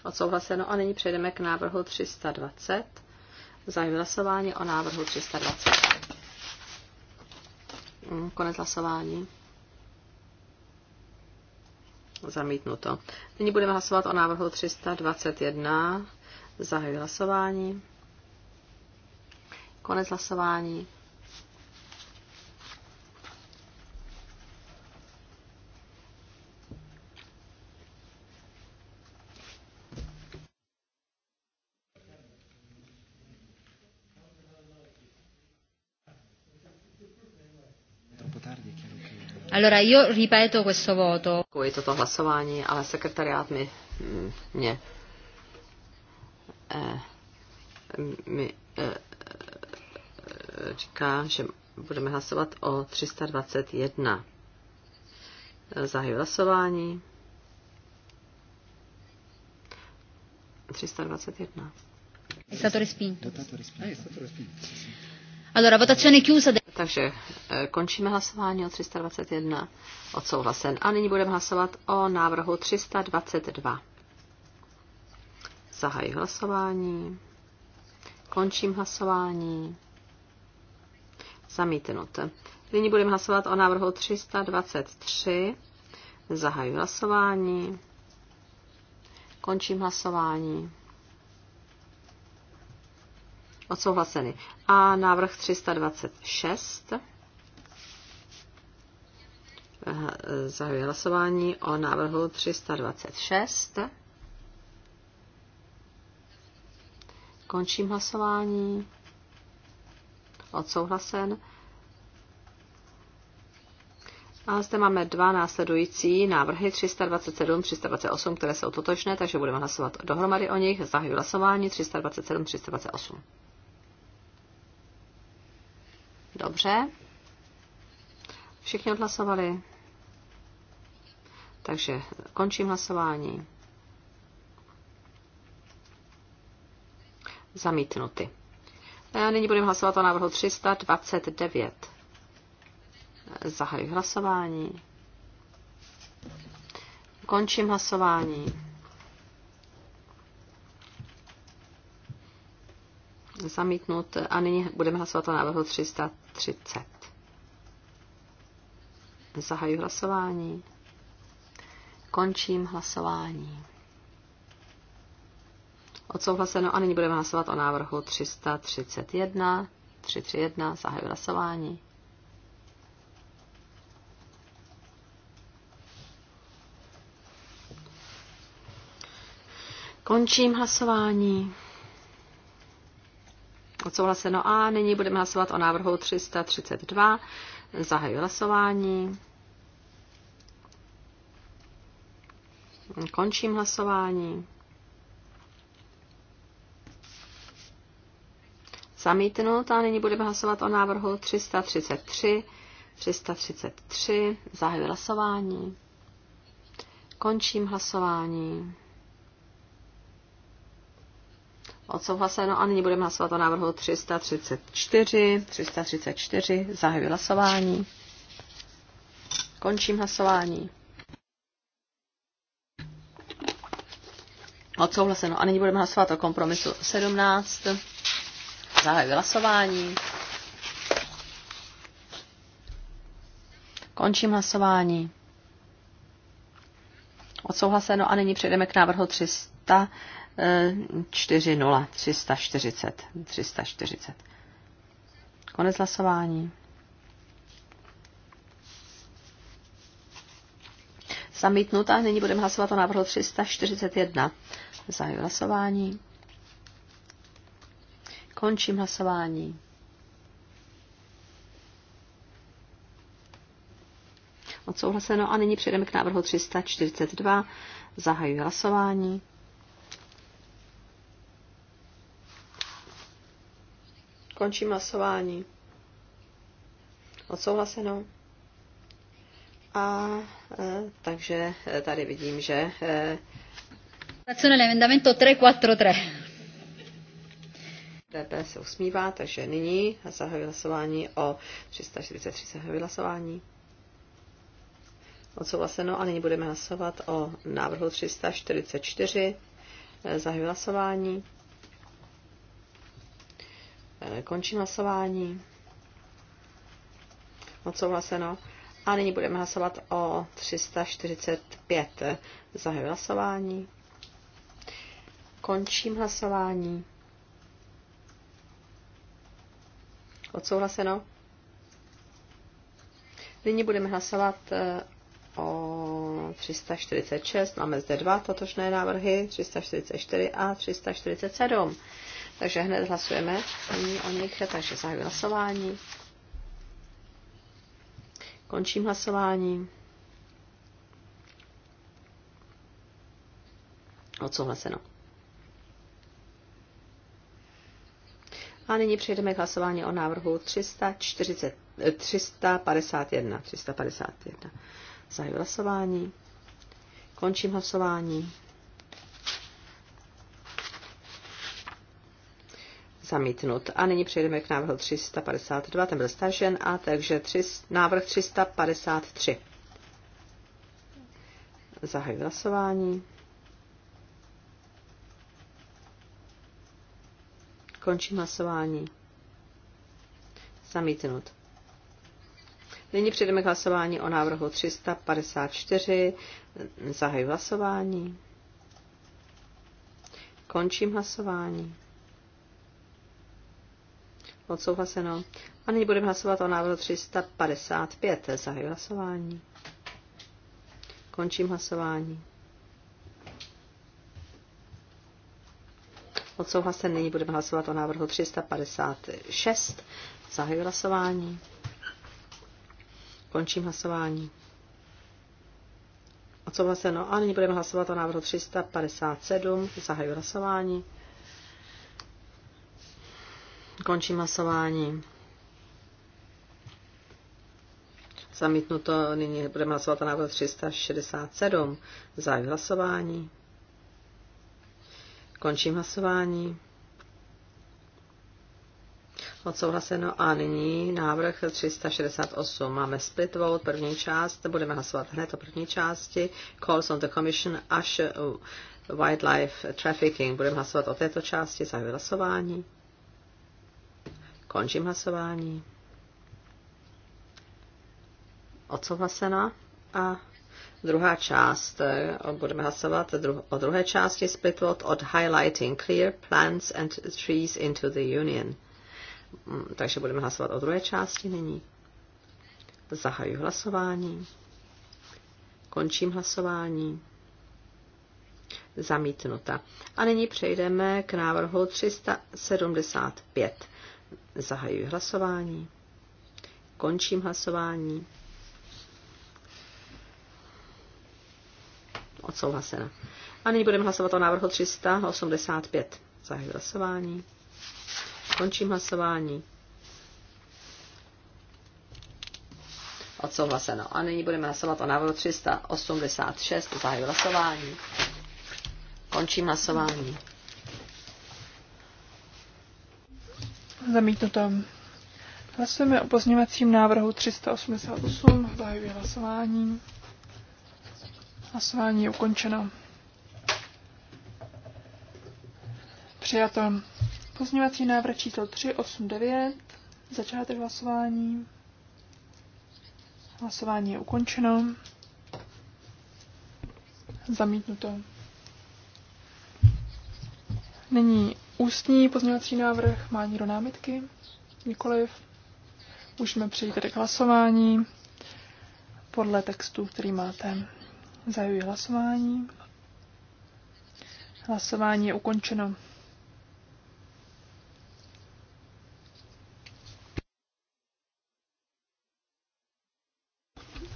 Odsouhlaseno a nyní přejdeme k návrhu 320. Zahajuji hlasování o návrhu 320. Konec hlasování. Zamítnuto. Nyní budeme hlasovat o návrhu 321. Zahajuji hlasování. Konec hlasování. Allora io ripeto questo voto. Kuji toto hlasování, ale sekretariát mi mě eh, mi eh, eh, říká, že budeme hlasovat o 321. Zahajuji hlasování. 321.
È stato respinto. È stato respinto.
Allora, votazione chiusa. De... Takže eh, končíme hlasování o 321 odsouhlasen. A nyní budeme hlasovat o návrhu 322. Zahajuji hlasování. Končím hlasování. Zamítnut. Nyní budeme hlasovat o návrhu 323. Zahajuji hlasování. Končím hlasování odsouhlaseny. A návrh 326. Zahajuji hlasování o návrhu 326. Končím hlasování. Odsouhlasen. A zde máme dva následující návrhy 327, 328, které jsou totožné, takže budeme hlasovat dohromady o nich. Zahajuji hlasování 327, 328. Dobře. Všichni odhlasovali. Takže končím hlasování. Zamítnuty. Nyní budeme hlasovat o návrhu 329. Zahajuji hlasování. Končím hlasování. Zamítnut. A nyní budeme hlasovat o návrhu 330. 30. Zahajuji hlasování. Končím hlasování. Odsouhlaseno a nyní budeme hlasovat o návrhu 331. 331. Zahajuji hlasování. Končím hlasování. Jako odsouhlaseno a nyní budeme hlasovat o návrhu 332. Zahajuji hlasování. Končím hlasování. Zamítnut a nyní budeme hlasovat o návrhu 333. 333. Zahajuji hlasování. Končím hlasování. Odsouhlaseno a nyní budeme hlasovat o návrhu 334. 334. Zahajuji hlasování. Končím hlasování. Odsouhlaseno. A nyní budeme hlasovat o kompromisu 17. Zahajuji hlasování. Končím hlasování. Odsouhlaseno a nyní přejdeme k návrhu 300. 340, 340. Konec hlasování. a nyní budeme hlasovat o návrhu 341. Zahajuji hlasování. Končím hlasování. Odsouhlaseno a nyní přejdeme k návrhu 342. Zahajuji hlasování. Končím hlasování. Odsouhlaseno. A e, takže e, tady vidím, že... E,
Votazione 343.
DP se usmívá, takže nyní zahajuji hlasování o 343 zahajuji hlasování. Odsouhlaseno a nyní budeme hlasovat o návrhu 344 e, zahajuji hlasování. Eh, končím hlasování. Odsouhlaseno. A nyní budeme hlasovat o 345. Zahajuji hlasování. Končím hlasování. Odsouhlaseno. Nyní budeme hlasovat eh, o 346. Máme zde dva totožné návrhy, 344 a 347. Takže hned hlasujeme o nich, takže zahajuji hlasování. Končím hlasování. Odsouhlaseno. A nyní přejdeme k hlasování o návrhu 340, 351. 351. Zahajuji hlasování. Končím hlasování. zamítnut. A nyní přejdeme k návrhu 352, ten byl stažen, a takže tři, návrh 353. Zahajuji hlasování. Končím hlasování. Zamítnut. Nyní přejdeme k hlasování o návrhu 354. Zahajuji hlasování. Končím hlasování. Odsouhlaseno. A nyní budeme hlasovat o návrhu 355. Zahajuji hlasování. Končím hlasování. Odsouhlasen nyní budeme hlasovat o návrhu 356. Zahajuji hlasování. Končím hlasování. Odsouhlaseno. A nyní budeme hlasovat o návrhu 357. Zahajuji hlasování. Končím hlasování. Zamítnuto nyní budeme hlasovat na návrh 367. Zahajuji hlasování. Končím hlasování. Odsouhlaseno a nyní návrh 368. Máme split vote, první část, budeme hlasovat hned o první části. Calls on the Commission až Wildlife Trafficking. Budeme hlasovat o této části, zahajuji hlasování. Končím hlasování. Odsouhlasena. A druhá část, eh, budeme hlasovat o druhé části vote od Highlighting Clear Plants and Trees into the Union. Mm, takže budeme hlasovat o druhé části nyní. Zahajuji hlasování. Končím hlasování. Zamítnuta. A nyní přejdeme k návrhu 375. Zahajuji hlasování. Končím hlasování. Odsouhlasena. A nyní budeme hlasovat o návrhu 385. Zahajuji hlasování. Končím hlasování. Odsouhlaseno. A nyní budeme hlasovat o návrhu 386. Zahajuji hlasování. Končím hlasování.
Zamítnuto. Hlasujeme o pozměňovacím návrhu 388. Zahajuji hlasování. Hlasování je ukončeno. Přijato. Pozměňovací návrh číslo 389. Začátek hlasování. Hlasování je ukončeno. Zamítnuto. Nyní ústní pozměňovací návrh. Má někdo námitky? Nikoliv. Můžeme přejít tedy k hlasování podle textu, který máte. Zajuji hlasování. Hlasování je ukončeno.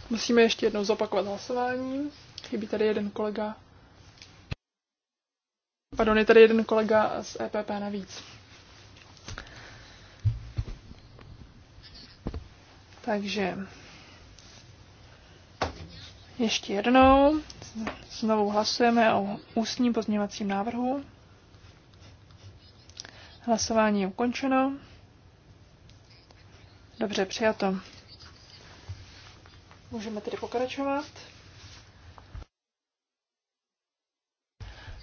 Musíme ještě jednou zopakovat hlasování. Chybí tady jeden kolega. Pardon, je tady jeden kolega z EPP navíc. Takže ještě jednou znovu hlasujeme o ústním pozměňovacím návrhu. Hlasování je ukončeno. Dobře, přijato. Můžeme tedy pokračovat.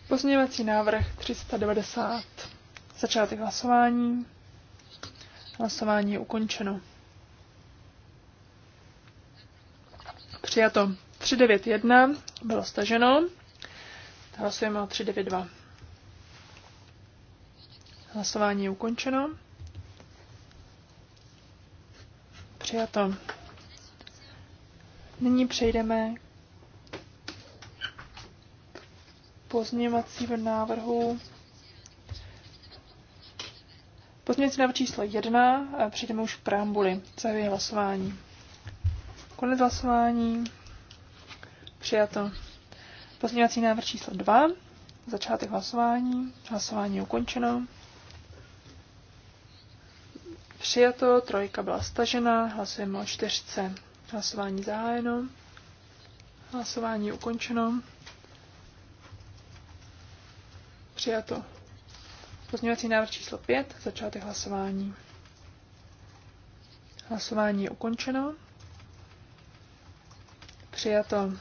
Pozměňovací návrh 390. Začátek hlasování. Hlasování je ukončeno. Přijato 391, bylo staženo. Hlasujeme o 392. Hlasování je ukončeno. Přijato. Nyní přejdeme pozměňovacím návrhu. Pozměňovací návrh číslo 1, přejdeme už k preambuli. Zahajuji hlasování. Konec hlasování. Přijato. Pozměňovací návrh číslo 2, začátek hlasování. Hlasování je ukončeno. Přijato, trojka byla stažena, hlasujeme o čtyřce. Hlasování zahájeno. Hlasování ukončeno. Přijato. Pozměňovací návrh číslo 5, začátek hlasování. Hlasování je ukončeno. Přijato.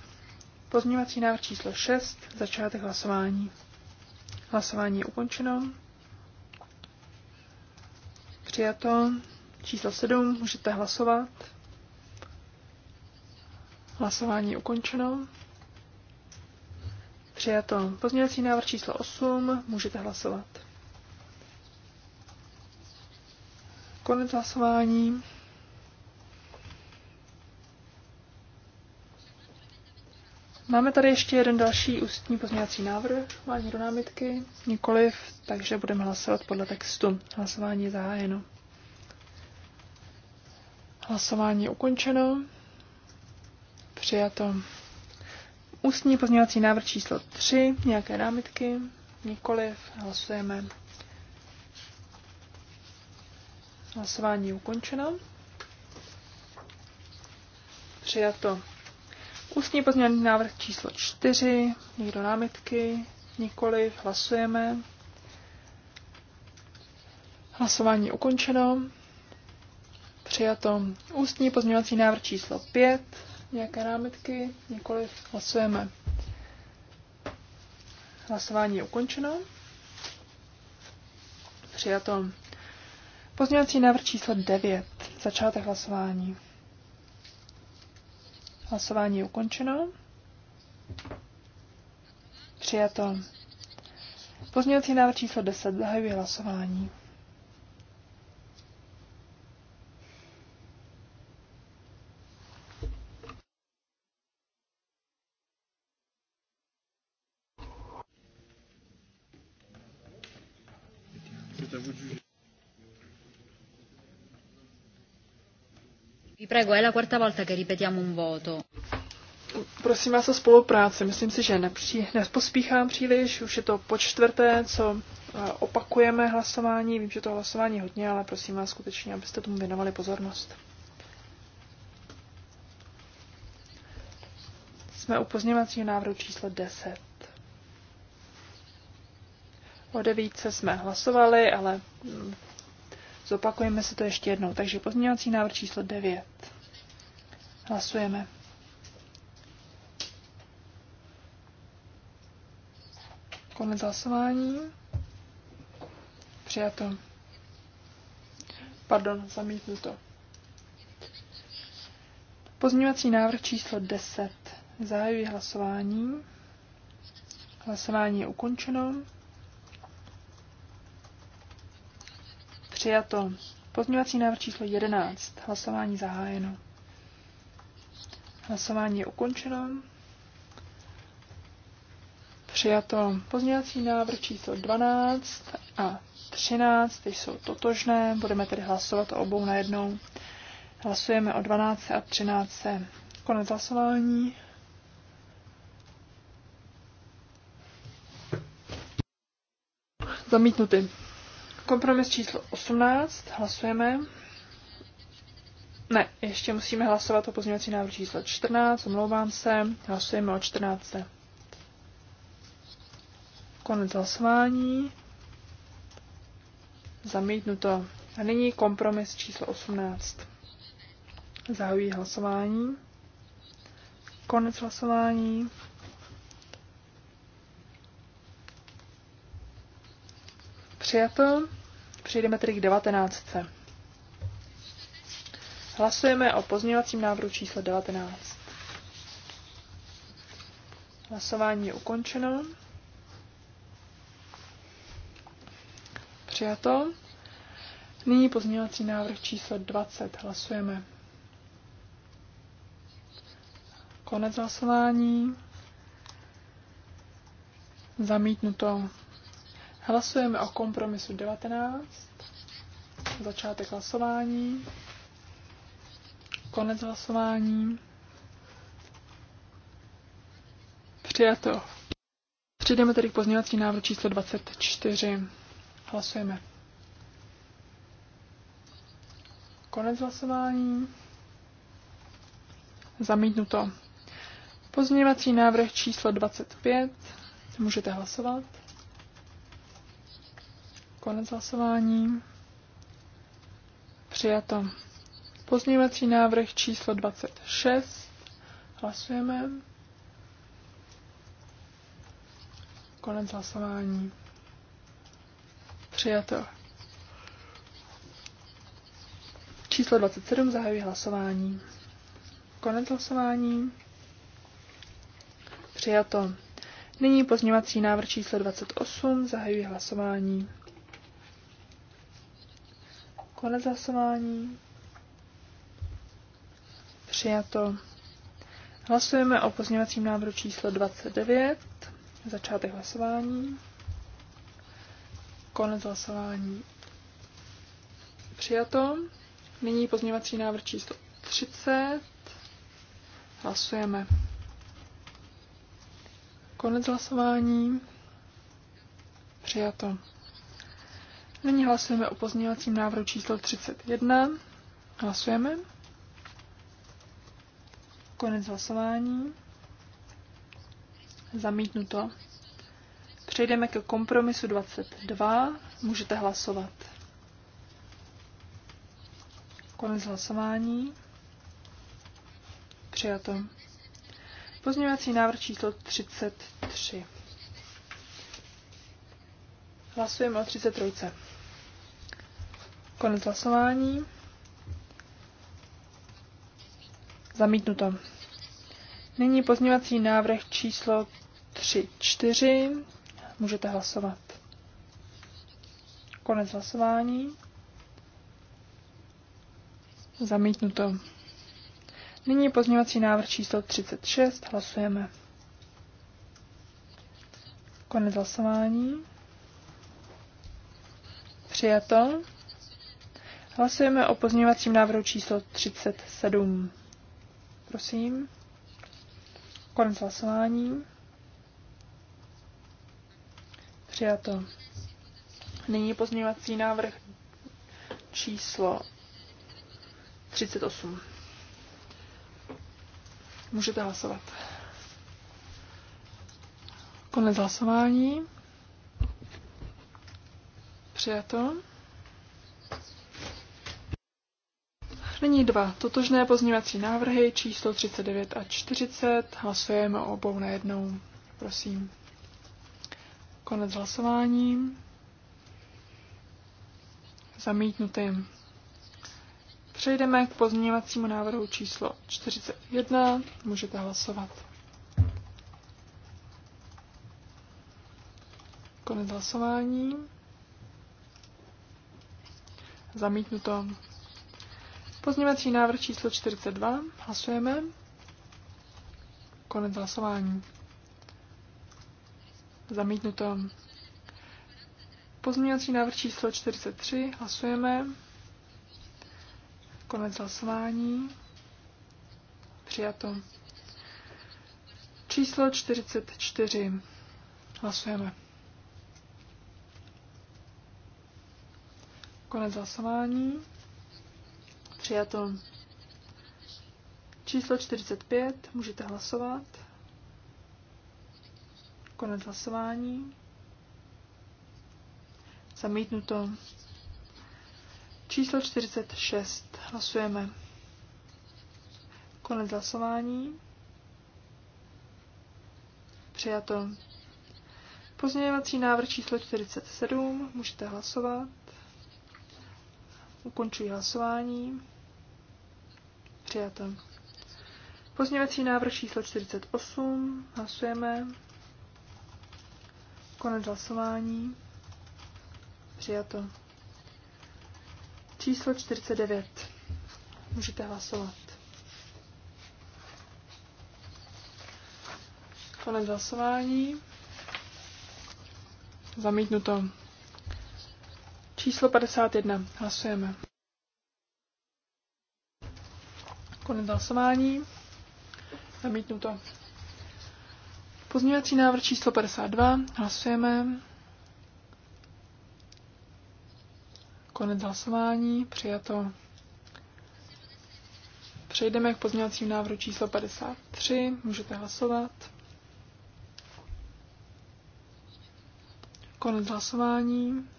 Pozměňovací návrh číslo 6, začátek hlasování. Hlasování je ukončeno. Přijato. Číslo 7, můžete hlasovat. Hlasování je ukončeno. Přijato. Pozměňovací návrh číslo 8. Můžete hlasovat. Konec hlasování. Máme tady ještě jeden další ústní pozměňovací návrh. Má někdo námitky? Nikoliv, takže budeme hlasovat podle textu. Hlasování je zahájeno. Hlasování je ukončeno. Přijato. Ústní pozměňovací návrh číslo 3. Nějaké námitky? Nikoliv. Hlasujeme. Hlasování ukončeno. Přijato. Ústní pozměňovací návrh číslo 4. Nikdo námitky? Nikoliv. Hlasujeme. Hlasování ukončeno. Přijato. Ústní pozměňovací návrh číslo 5. Nějaké námitky? Nikoliv. Hlasujeme. Hlasování je ukončeno. Přijato. Pozměňovací návrh číslo 9. Začátek hlasování. Hlasování je ukončeno. Přijato. Pozměňovací návrh číslo 10. Zahajuji hlasování.
Prego, è la quarta volta che ripetiamo un voto.
Prosím vás o spolupráci. Myslím si, že nepří, nepospíchám příliš. Už je to po čtvrté, co eh, opakujeme hlasování. Vím, že to hlasování je hodně, ale prosím vás skutečně, abyste tomu věnovali pozornost. Jsme u pozněvacího návrhu číslo 10. O devítce jsme hlasovali, ale mm, Zopakujeme si to ještě jednou. Takže pozměňovací návrh číslo 9. Hlasujeme. Konec hlasování. Přijato. Pardon, zamítnuto. Pozměňovací návrh číslo 10. Zahajuji hlasování. Hlasování je ukončeno. Přijato. Pozměňovací návrh číslo 11. Hlasování zahájeno. Hlasování je ukončeno. Přijato. Pozměňovací návrh číslo 12 a 13, ty jsou totožné. Budeme tedy hlasovat o obou najednou. Hlasujeme o 12 a 13. Konec hlasování. Zamítnuty. Kompromis číslo 18, hlasujeme. Ne, ještě musíme hlasovat o pozměňovací návrh číslo 14, omlouvám se, hlasujeme o 14. Konec hlasování. Zamítnuto. A nyní kompromis číslo 18. Zahajuji hlasování. Konec hlasování. Přijato. Přejdeme tedy k 19. Hlasujeme o pozměňovacím návrhu číslo 19. Hlasování je ukončeno. Přijato. Nyní pozměňovací návrh číslo 20. Hlasujeme. Konec hlasování. Zamítnuto. Hlasujeme o kompromisu 19. Začátek hlasování. Konec hlasování. Přijato. Přijdeme tedy k pozměňovací návrh číslo 24. Hlasujeme. Konec hlasování. Zamítnuto. Pozměňovací návrh číslo 25. Můžete hlasovat. Konec hlasování. Přijato. Pozměňovací návrh číslo 26. Hlasujeme. Konec hlasování. Přijato. Číslo 27 zahajuji hlasování. Konec hlasování. Přijato. Nyní pozněvací návrh číslo 28 zahajuji hlasování. Konec hlasování. Přijato. Hlasujeme o pozměňovacím návrhu číslo 29. Začátek hlasování. Konec hlasování. Přijato. Nyní pozměňovací návrh číslo 30. Hlasujeme. Konec hlasování. Přijato. Nyní hlasujeme o pozměňovacím návrhu číslo 31. Hlasujeme. Konec hlasování. Zamítnuto. Přejdeme ke kompromisu 22. Můžete hlasovat. Konec hlasování. Přijato. Pozměňovací návrh číslo 33. Hlasujeme o 33. Konec hlasování. Zamítnuto. Nyní pozměňovací návrh číslo 3.4. Můžete hlasovat. Konec hlasování. Zamítnuto. Nyní pozměňovací návrh číslo 36. Hlasujeme. Konec hlasování. Přijato. Hlasujeme o pozměňovacím návrhu číslo 37. Prosím. Konec hlasování. Přijato. Nyní pozměňovací návrh číslo 38. Můžete hlasovat. Konec hlasování. Přijato. Nyní dva totožné pozměňovací návrhy číslo 39 a 40. Hlasujeme o obou najednou. Prosím. Konec hlasování. Zamítnutý. Přejdeme k pozměňovacímu návrhu číslo 41. Můžete hlasovat. Konec hlasování. Zamítnuto. Pozměňovací návrh číslo 42. Hlasujeme. Konec hlasování. Zamítnuto. Pozměňovací návrh číslo 43. Hlasujeme. Konec hlasování. Přijato. Číslo 44. Hlasujeme. Konec hlasování. Přijato. Číslo 45, můžete hlasovat. Konec hlasování. Zamítnuto. Číslo 46, hlasujeme. Konec hlasování. Přijato. Pozměňovací návrh číslo 47, můžete hlasovat. Ukončuji hlasování přijata. Pozměňovací návrh číslo 48. Hlasujeme. Konec hlasování. Přijato. Číslo 49. Můžete hlasovat. Konec hlasování. Zamítnuto. Číslo 51. Hlasujeme. Konec hlasování. to. Pozměňovací návrh číslo 52. Hlasujeme. Konec hlasování. Přijato. Přejdeme k pozměňovacímu návrhu číslo 53. Můžete hlasovat. Konec hlasování.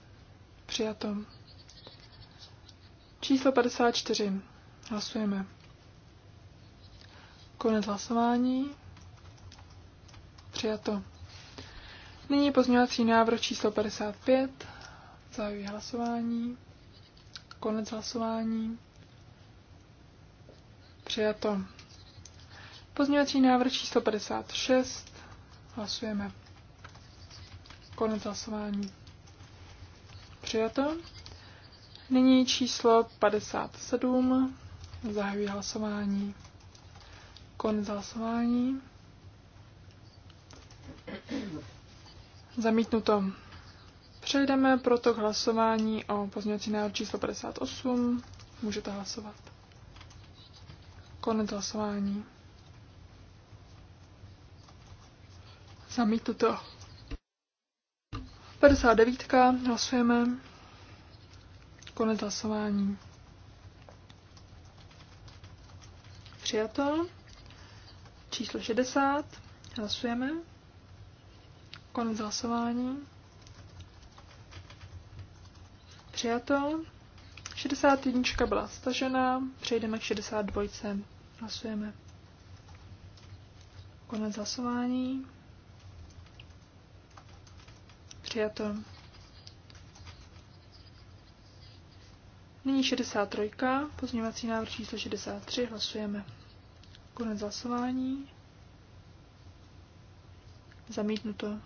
Přijato. Číslo 54. Hlasujeme. Konec hlasování. Přijato. Nyní pozměňovací návrh číslo 55. Zahajuji hlasování. Konec hlasování. Přijato. Pozměňovací návrh číslo 56. Hlasujeme. Konec hlasování. Přijato. Nyní číslo 57. Zahajuji hlasování. Konec hlasování. Zamítnuto. Přejdeme proto k hlasování o pozměňovací návrh číslo 58. Můžete hlasovat. Konec hlasování. Zamítnuto. 59. Hlasujeme. Konec hlasování. Přijatel. Číslo 60. Hlasujeme. Konec hlasování. Přijato. 61 byla stažena. Přejdeme k 62. Hlasujeme. Konec hlasování. Přijato. Nyní 63. Pozměňovací návrh číslo 63. Hlasujeme. Konec hlasování. Zamítnuto.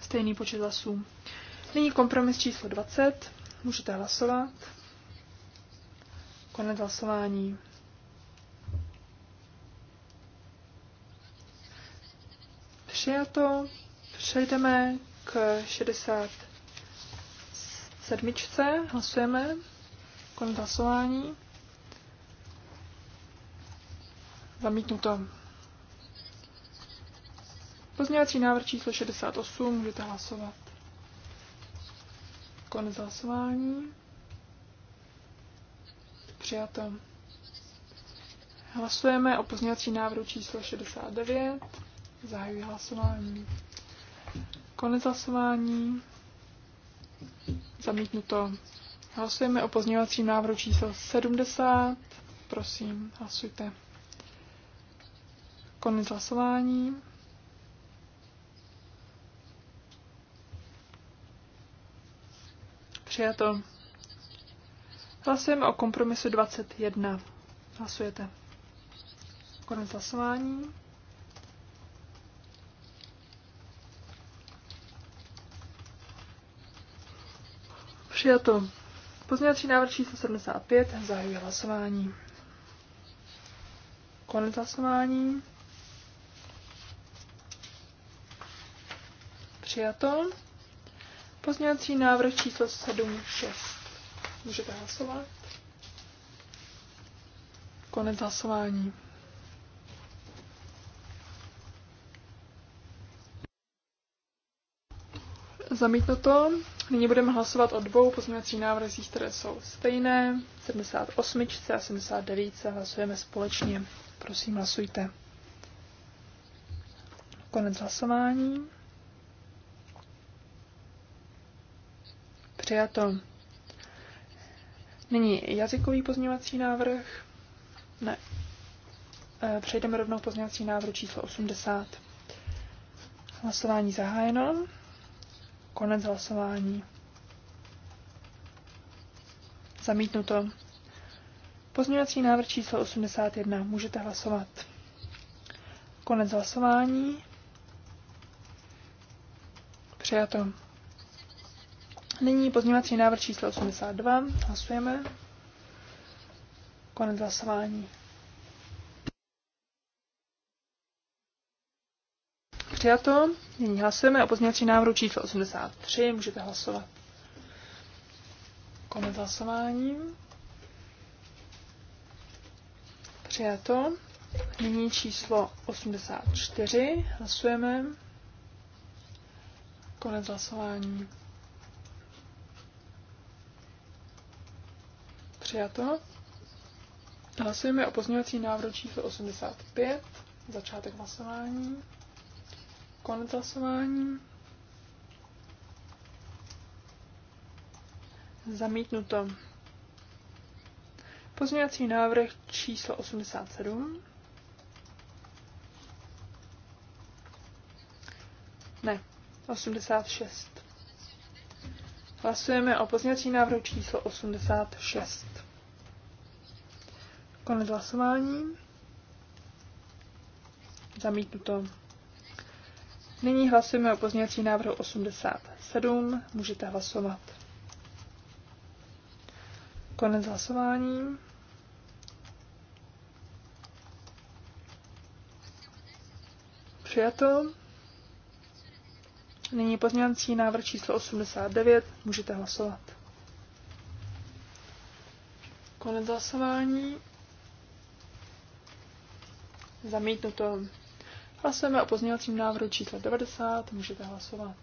Stejný počet hlasů. Nyní kompromis číslo 20. Můžete hlasovat. Konec hlasování. Přijato. Přejdeme k 67. Hlasujeme. Konec hlasování. Zamítnuto. Pozměňovací návrh číslo 68, můžete hlasovat. Konec hlasování. Přijato. Hlasujeme o pozměňovací návrhu číslo 69. Zahajuji hlasování. Konec hlasování. Zamítnuto. Hlasujeme o pozměňovacím návrhu číslo 70. Prosím, hlasujte. Konec hlasování. Přijato. Hlasujeme o kompromisu 21. Hlasujete. Konec hlasování. Přijato. Pozměňovací návrh číslo 75, zahajuji hlasování. Konec hlasování. Přijato. Pozměňovací návrh číslo 76. Můžete hlasovat. Konec hlasování. Zamítnuto. Nyní budeme hlasovat o dvou pozměňovacích návrzích, které jsou stejné. 78 a 79 hlasujeme společně. Prosím, hlasujte. Konec hlasování. Přijato. Nyní jazykový pozměňovací návrh. Ne. Eh, přejdeme rovnou pozměňovací návrh číslo 80. Hlasování zahájeno. Konec hlasování. Zamítnuto. Pozměňovací návrh číslo 81. Můžete hlasovat. Konec hlasování. Přijato. Nyní pozměňovací návrh číslo 82. Hlasujeme. Konec hlasování. přijato. Nyní hlasujeme o pozměňovacím návrhu číslo 83. Můžete hlasovat. Konec hlasování. Přijato. Nyní číslo 84. Hlasujeme. Konec hlasování. Přijato. Hlasujeme o pozměňovací návrhu číslo 85. Začátek hlasování. Konec hlasování. Zamítnuto. Pozměňovací návrh číslo 87. Ne, 86. Hlasujeme o pozměňovací návrhu číslo 86. Konec hlasování. Zamítnuto. Nyní hlasujeme o pozměňovacím návrhu 87. Můžete hlasovat. Konec hlasování. Přijato. Nyní pozměňovací návrh číslo 89. Můžete hlasovat. Konec hlasování. Zamítnuto. Hlasujeme o pozměňovacím návrhu číslo 90. Můžete hlasovat.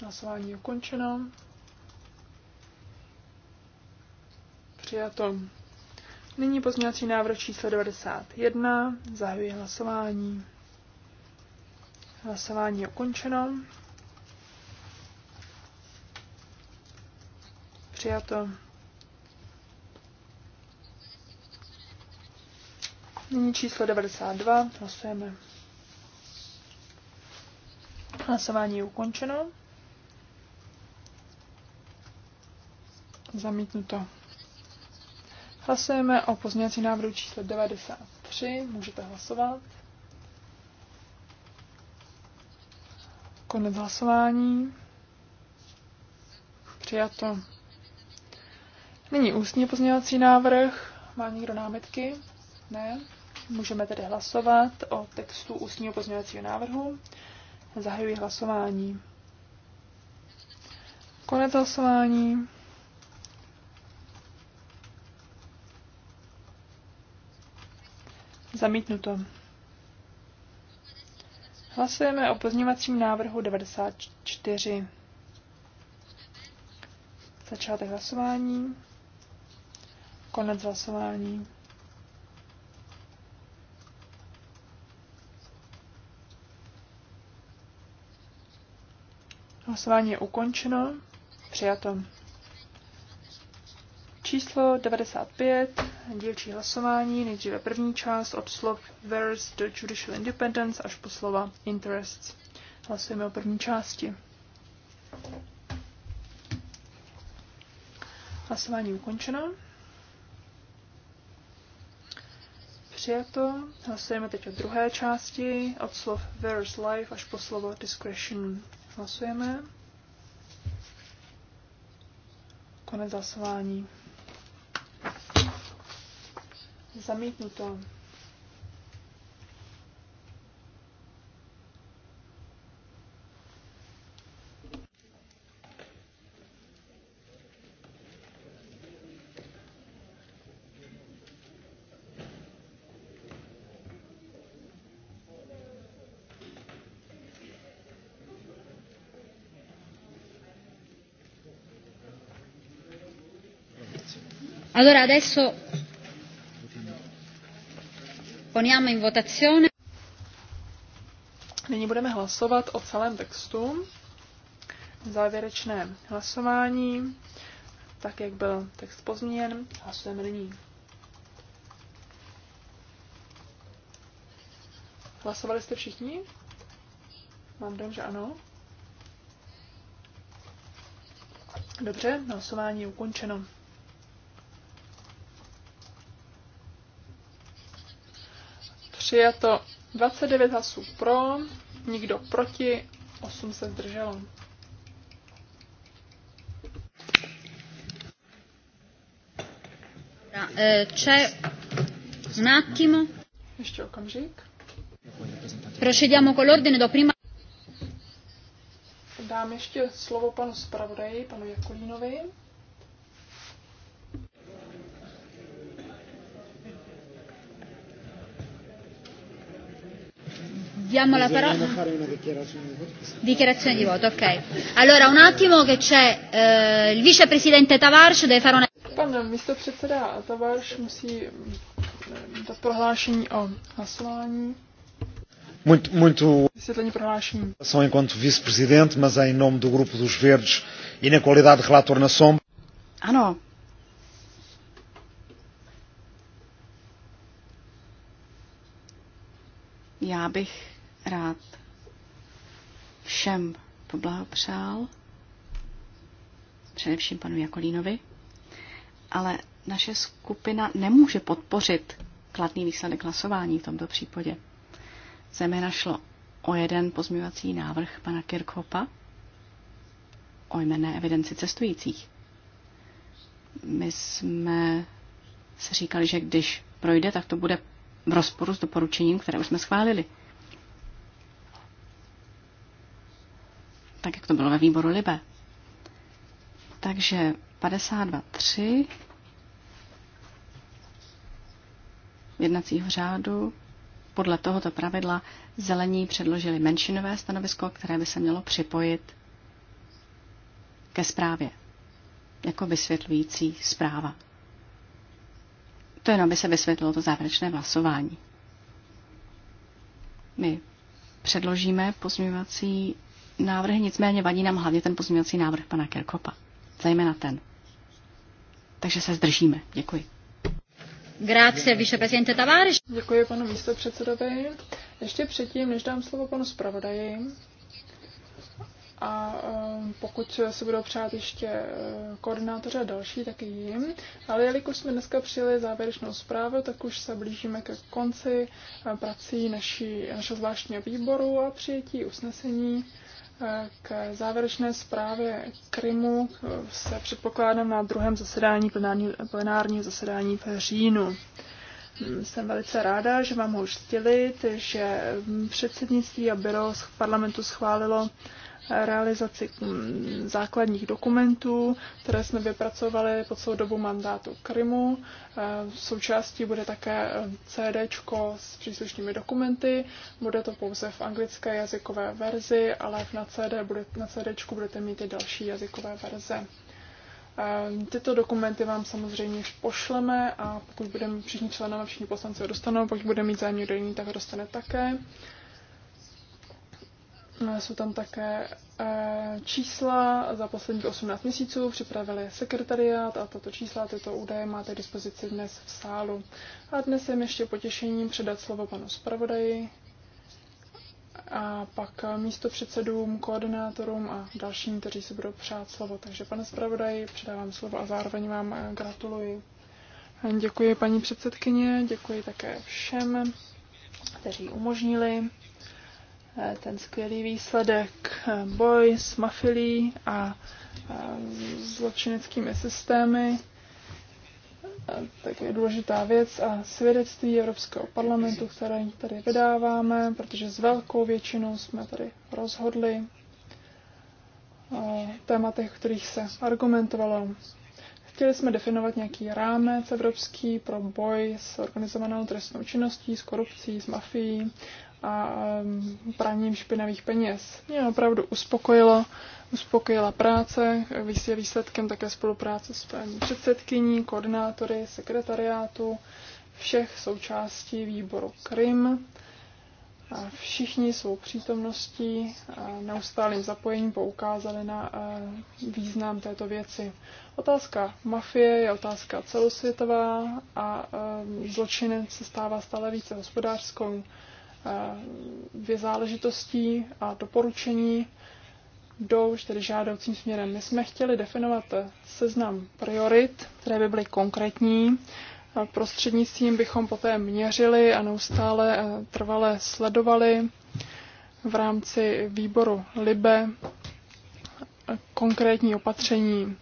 Hlasování je ukončeno. Přijato. Nyní pozměňovací návrh číslo 91. Zahajuji hlasování. Hlasování je ukončeno. Přijato. Nyní číslo 92. Hlasujeme. Hlasování je ukončeno. Zamítnuto. Hlasujeme o pozměňovací návrhu číslo 93. Můžete hlasovat. Konec hlasování. Přijato. Nyní ústní pozměňovací návrh. Má někdo námitky? Ne. Můžeme tedy hlasovat o textu ústního pozměňovacího návrhu. Zahajuji hlasování. Konec hlasování. Zamítnuto. Hlasujeme o pozměňovacím návrhu 94. Začátek hlasování. Konec hlasování. Hlasování je ukončeno. Přijato. Číslo 95, dílčí hlasování, nejdříve první část od slov Where's the judicial independence až po slova interests. Hlasujeme o první části. Hlasování ukončeno. Přijato. Hlasujeme teď o druhé části od slov Where's life až po slovo discretion. Hlasujeme. Konec hlasování. Zamítnuto.
Allora adesso
poniamo in votazione. Nyní budeme hlasovat o celém textu. Závěrečné hlasování, tak jak byl text pozměněn, hlasujeme nyní. Hlasovali jste všichni? Mám dojem, že ano. Dobře, hlasování je ukončeno. Přijato 29 hlasů pro, nikdo proti, 8 se zdrželo.
C'è un e, attimo. Ještě okamžik. Procediamo con l'ordine, do prima...
Dám ještě slovo panu zpravodaji, panu Jakolínovi.
Diamo la parola. fare
una dichiarazione di voto. Dichiarazione di voto, ok. Allora un attimo che c'è eh, il vicepresidente Tavarš deve fare una Pan místo předseda Tavarš musí eh, dát prohlášení o hlasování. Muito, muito são enquanto vice-presidente, mas em nome do Grupo dos Verdes e na qualidade de relator na sombra.
Ano, já bych rád všem poblahopřál, především panu Jakolínovi, ale naše skupina nemůže podpořit kladný výsledek hlasování v tomto případě. Země našlo o jeden pozměňovací návrh pana Kirkhopa o jmenné evidenci cestujících. My jsme se říkali, že když projde, tak to bude v rozporu s doporučením, které už jsme schválili. tak jak to bylo ve výboru Libe. Takže 52.3 jednacího řádu podle tohoto pravidla zelení předložili menšinové stanovisko, které by se mělo připojit ke zprávě jako vysvětlující zpráva. To jenom by se vysvětlilo to závěrečné hlasování. My předložíme pozměňovací návrhy, nicméně vadí nám hlavně ten pozměňovací návrh pana Kerkopa. Zajména ten. Takže se zdržíme. Děkuji.
Grazie, viceprezidente Tavares. Děkuji panu místopředsedovi. Ještě předtím, než dám slovo panu zpravodaji, a um, pokud se budou přát ještě uh, koordinátoře a další, tak i jim. Ale jelikož jsme dneska přijeli závěrečnou zprávu, tak už se blížíme ke konci uh, prací naší, našeho zvláštního výboru a přijetí usnesení k závěrečné zprávě Krymu se předpokládám na druhém zasedání plenární, plenární zasedání v říjnu. Jsem velice ráda, že vám ho už stělit, že předsednictví a byro parlamentu schválilo realizaci mm, základních dokumentů, které jsme vypracovali po celou dobu mandátu Krymu. V e, součástí bude také e, CD s příslušnými dokumenty. Bude to pouze v anglické jazykové verzi, ale na, CD bude, na CD budete mít i další jazykové verze. E, tyto dokumenty vám samozřejmě pošleme a pokud budeme všichni členové, všichni poslanci ho dostanou, pokud bude mít zájem tak ho dostane také. Eh, jsou tam také eh, čísla za posledních 18 měsíců, připravili sekretariát a tato čísla, tyto údaje máte k dispozici dnes v sálu. A dnes jsem ještě potěšením předat slovo panu zpravodaji a pak místo předsedům, koordinátorům a dalším, kteří si budou přát slovo. Takže pane zpravodaji, předávám slovo a zároveň vám eh, gratuluji. Děkuji paní předsedkyně, děkuji také všem, kteří umožnili Eh, ten skvělý výsledek eh, boj s mafilí a eh, zločineckými systémy, tak je důležitá věc a svědectví Evropského parlamentu, které tady vydáváme, protože s velkou většinou jsme tady rozhodli o tématech, kterých se argumentovalo. Chtěli jsme definovat nějaký rámec evropský pro boj s organizovanou trestnou činností, s korupcí, s mafií a praním špinavých peněz. Mě opravdu uspokojilo, uspokojila práce, je výsledkem také spolupráce s paní předsedkyní, koordinátory, sekretariátu, všech součástí výboru Krim. A všichni svou přítomností a neustálým zapojením poukázali na e, význam této věci. Otázka mafie je otázka celosvětová a e, zločinec se stává stále více hospodářskou Eh, dvě záležitosti a doporučení jdou tedy žádoucím směrem. My jsme chtěli definovat seznam priorit, které by byly konkrétní. Eh, prostřednictvím bychom poté měřili a neustále eh, trvale sledovali v rámci výboru LIBE konkrétní opatření,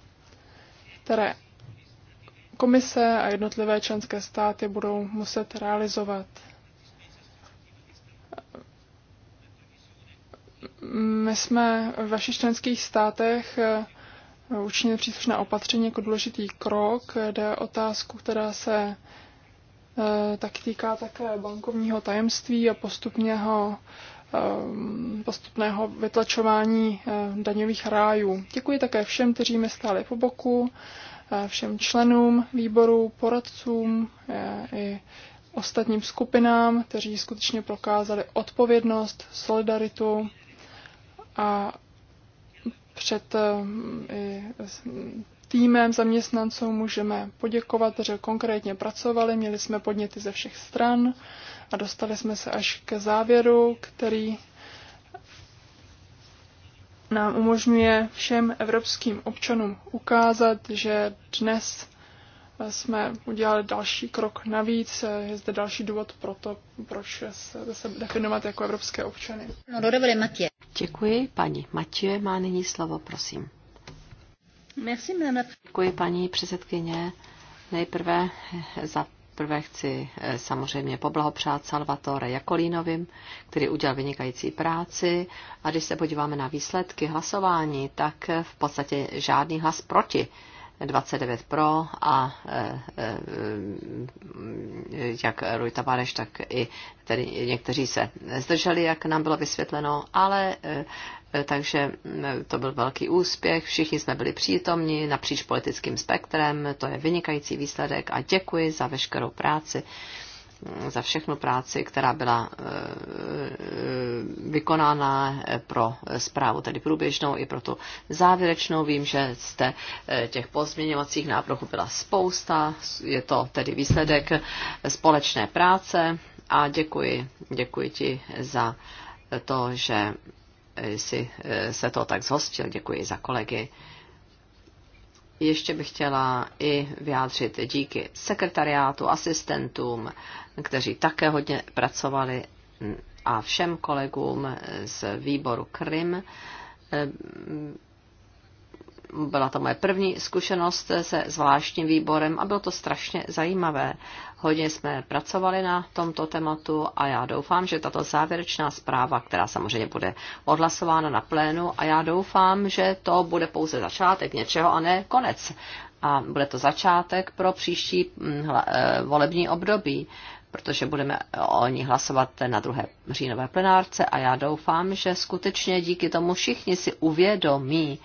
které komise a jednotlivé členské státy budou muset realizovat. My jsme v vašich členských státech eh, učinili příslušné opatření jako důležitý krok. Jde otázku, která se eh, tak týká také bankovního tajemství a postupného, eh, postupného vytlačování daňových rájů. Děkuji také všem, kteří mi stáli po boku, všem členům výboru, poradcům i ostatním skupinám, kteří skutečně prokázali odpovědnost, solidaritu a před eh, i týmem zaměstnanců můžeme poděkovat, že konkrétně pracovali, měli jsme podněty ze všech stran a dostali jsme se až ke závěru, který nám umožňuje všem evropským občanům ukázat, že dnes jsme udělali další krok navíc. Je zde další důvod pro to, proč se, se definovat jako evropské občany. No,
Matě. Děkuji. Paní Matě má nyní slovo, prosím. Merci, Děkuji, paní předsedkyně. Nejprve za prvé chci eh, samozřejmě poblahopřát Salvatore Jakolínovým, který udělal vynikající práci. A když se podíváme na výsledky hlasování, tak v podstatě žádný hlas proti 29 pro a e, e, e, jak Ruj Tavareš, tak i tedy někteří se zdrželi, jak nám bylo vysvětleno, ale takže to byl velký úspěch, všichni jsme byli přítomni napříč politickým spektrem, to je vynikající výsledek a děkuji za veškerou práci za všechnu práci, která byla e, e, vykonána pro zprávu, tedy průběžnou i pro tu závěrečnou. Vím, že jste e, těch pozměňovacích návrhů byla spousta, je to tedy výsledek společné práce a děkuji, děkuji ti za to, že jsi se to tak zhostil. Děkuji za kolegy ještě bych chtěla i vyjádřit díky sekretariátu, asistentům, kteří také hodně pracovali mm, a všem kolegům z výboru Krym byla to moje první zkušenost se zvláštním výborem a bylo to strašně zajímavé. Hodně jsme pracovali na tomto tématu a já doufám, že tato závěrečná zpráva, která samozřejmě bude odhlasována na plénu a já doufám, že to bude pouze začátek něčeho a ne konec. A bude to začátek pro příští mm, eh, volební období protože budeme o ní hlasovat na druhé říjnové plenárce a já doufám, že skutečně díky tomu všichni si uvědomí,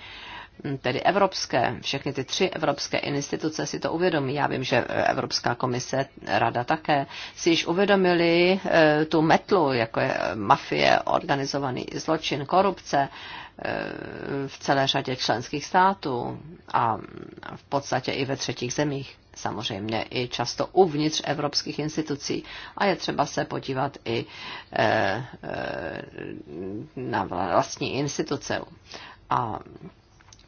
tedy evropské, všechny ty tři evropské instituce si to uvědomí. Já vím, že eh, Evropská komise, rada také, si již uvědomili eh, tu metlu, jako je eh, mafie, organizovaný zločin, korupce v celé řadě členských států a v podstatě i ve třetích zemích. Samozřejmě i často uvnitř evropských institucí. A je třeba se podívat i na vlastní instituce. A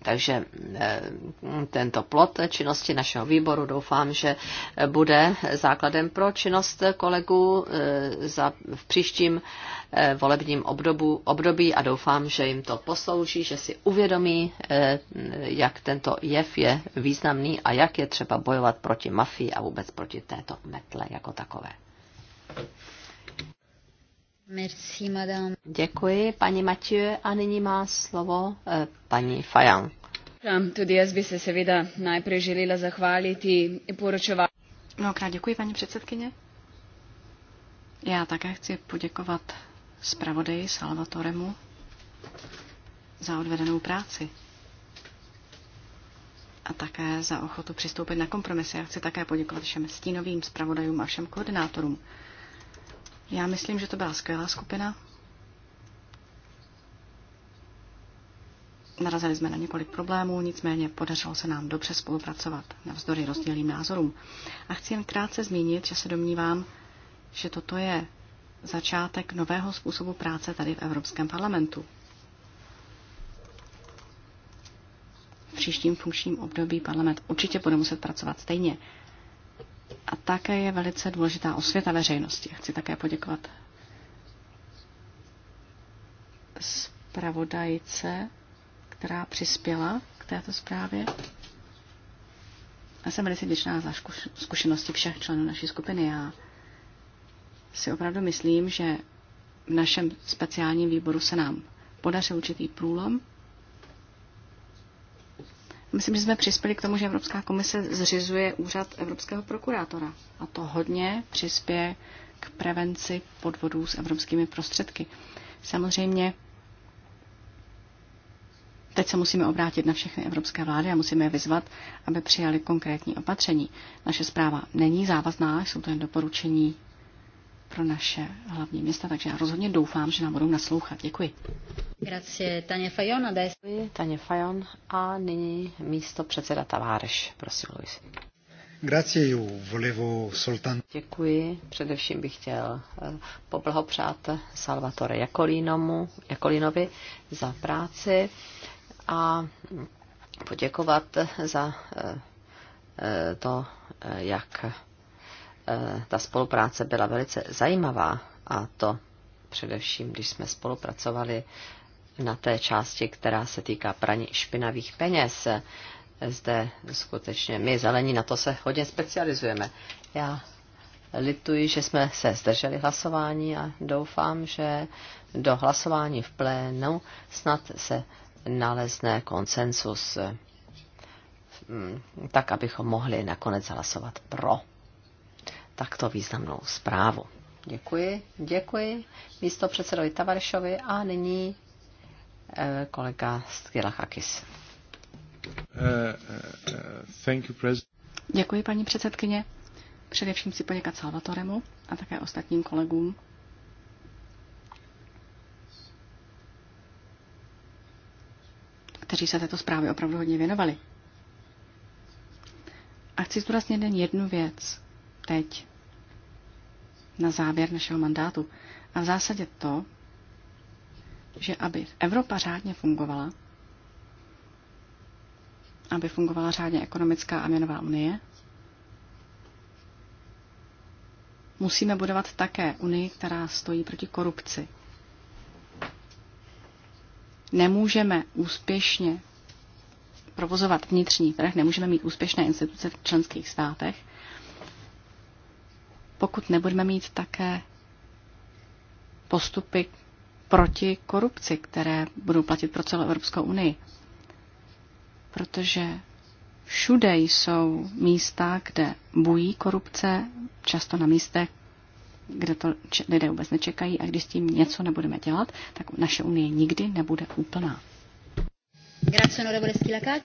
takže eh, tento plot činnosti našeho výboru doufám, že bude základem pro činnost kolegů eh, za, v příštím eh, volebním obdobu, období a doufám, že jim to poslouží, že si uvědomí, jak tento jev je významný a jak je třeba bojovat proti mafii a vůbec proti této metle jako takové. Merci, madame. Děkuji, paní Matěje, a nyní má slovo eh, paní Fajan.
Tudy jaz by se seveda najprej želela zahvaliti poročování. Mnohokrát děkuji, paní předsedkyně. Já také chci poděkovat zpravodaji Salvatoremu za odvedenou práci a také za ochotu přistoupit na kompromisy. Já chci také poděkovat všem stínovým zpravodajům a všem koordinátorům, já myslím, že to byla skvělá skupina. Narazili jsme na několik problémů, nicméně podařilo se nám dobře spolupracovat navzdory rozdílným názorům. A chci jen krátce zmínit, že se domnívám, že toto je začátek nového způsobu práce tady v Evropském parlamentu. V příštím funkčním období parlament určitě bude muset pracovat stejně. A také je velice důležitá osvěta veřejnosti. Chci také poděkovat zpravodajce, která přispěla k této zprávě. Já jsem velice vděčná za zkušenosti všech členů naší skupiny. Já si opravdu myslím, že v našem speciálním výboru se nám podařil určitý průlom Myslím, že jsme přispěli k tomu, že Evropská komise zřizuje úřad Evropského prokurátora a to hodně přispěje k prevenci podvodů s evropskými prostředky. Samozřejmě Teď se musíme obrátit na všechny evropské vlády a musíme je vyzvat, aby přijali konkrétní opatření. Naše zpráva není závazná, jsou to jen doporučení pro naše hlavní města, takže já rozhodně doufám, že nám budou naslouchat. Děkuji. Grazie, Tania Fajon. Děkuji, Tania Fajon. A nyní místo předseda Taváreš. Prosím, Luis.
Grazie, volevo Sultan.
Děkuji. Především bych chtěl eh, poblahopřát Salvatore Jakolínomu, Jakolínovi za práci a poděkovat za eh, eh, to, jak Eh, ta spolupráce byla velice zajímavá a to především, když jsme spolupracovali na té části, která se týká praní špinavých peněz. Zde skutečně my zelení na to se hodně specializujeme. Já lituji, že jsme se zdrželi hlasování a doufám, že do hlasování v plénu snad se nalezne konsensus, mm, tak abychom mohli nakonec hlasovat pro takto významnou zprávu. Děkuji, děkuji místo předsedovi Tavaršovi a nyní eh, kolega Skilachakis. Eh, eh,
děkuji, paní předsedkyně. Především si poděkat Salvatoremu a také ostatním kolegům. kteří se této zprávě opravdu hodně věnovali. A chci zdůraznit jen jednu věc, teď na závěr našeho mandátu. A v zásadě to, že aby Evropa řádně fungovala, aby fungovala řádně ekonomická a měnová unie, musíme budovat také unii, která stojí proti korupci. Nemůžeme úspěšně provozovat vnitřní trh, nemůžeme mít úspěšné instituce v členských státech, pokud nebudeme mít také postupy proti korupci, které budou platit pro celou Evropskou unii. Protože všude jsou místa, kde bují korupce, často na místech, kde to lidé vůbec nečekají a když s tím něco nebudeme dělat, tak naše unie nikdy nebude úplná.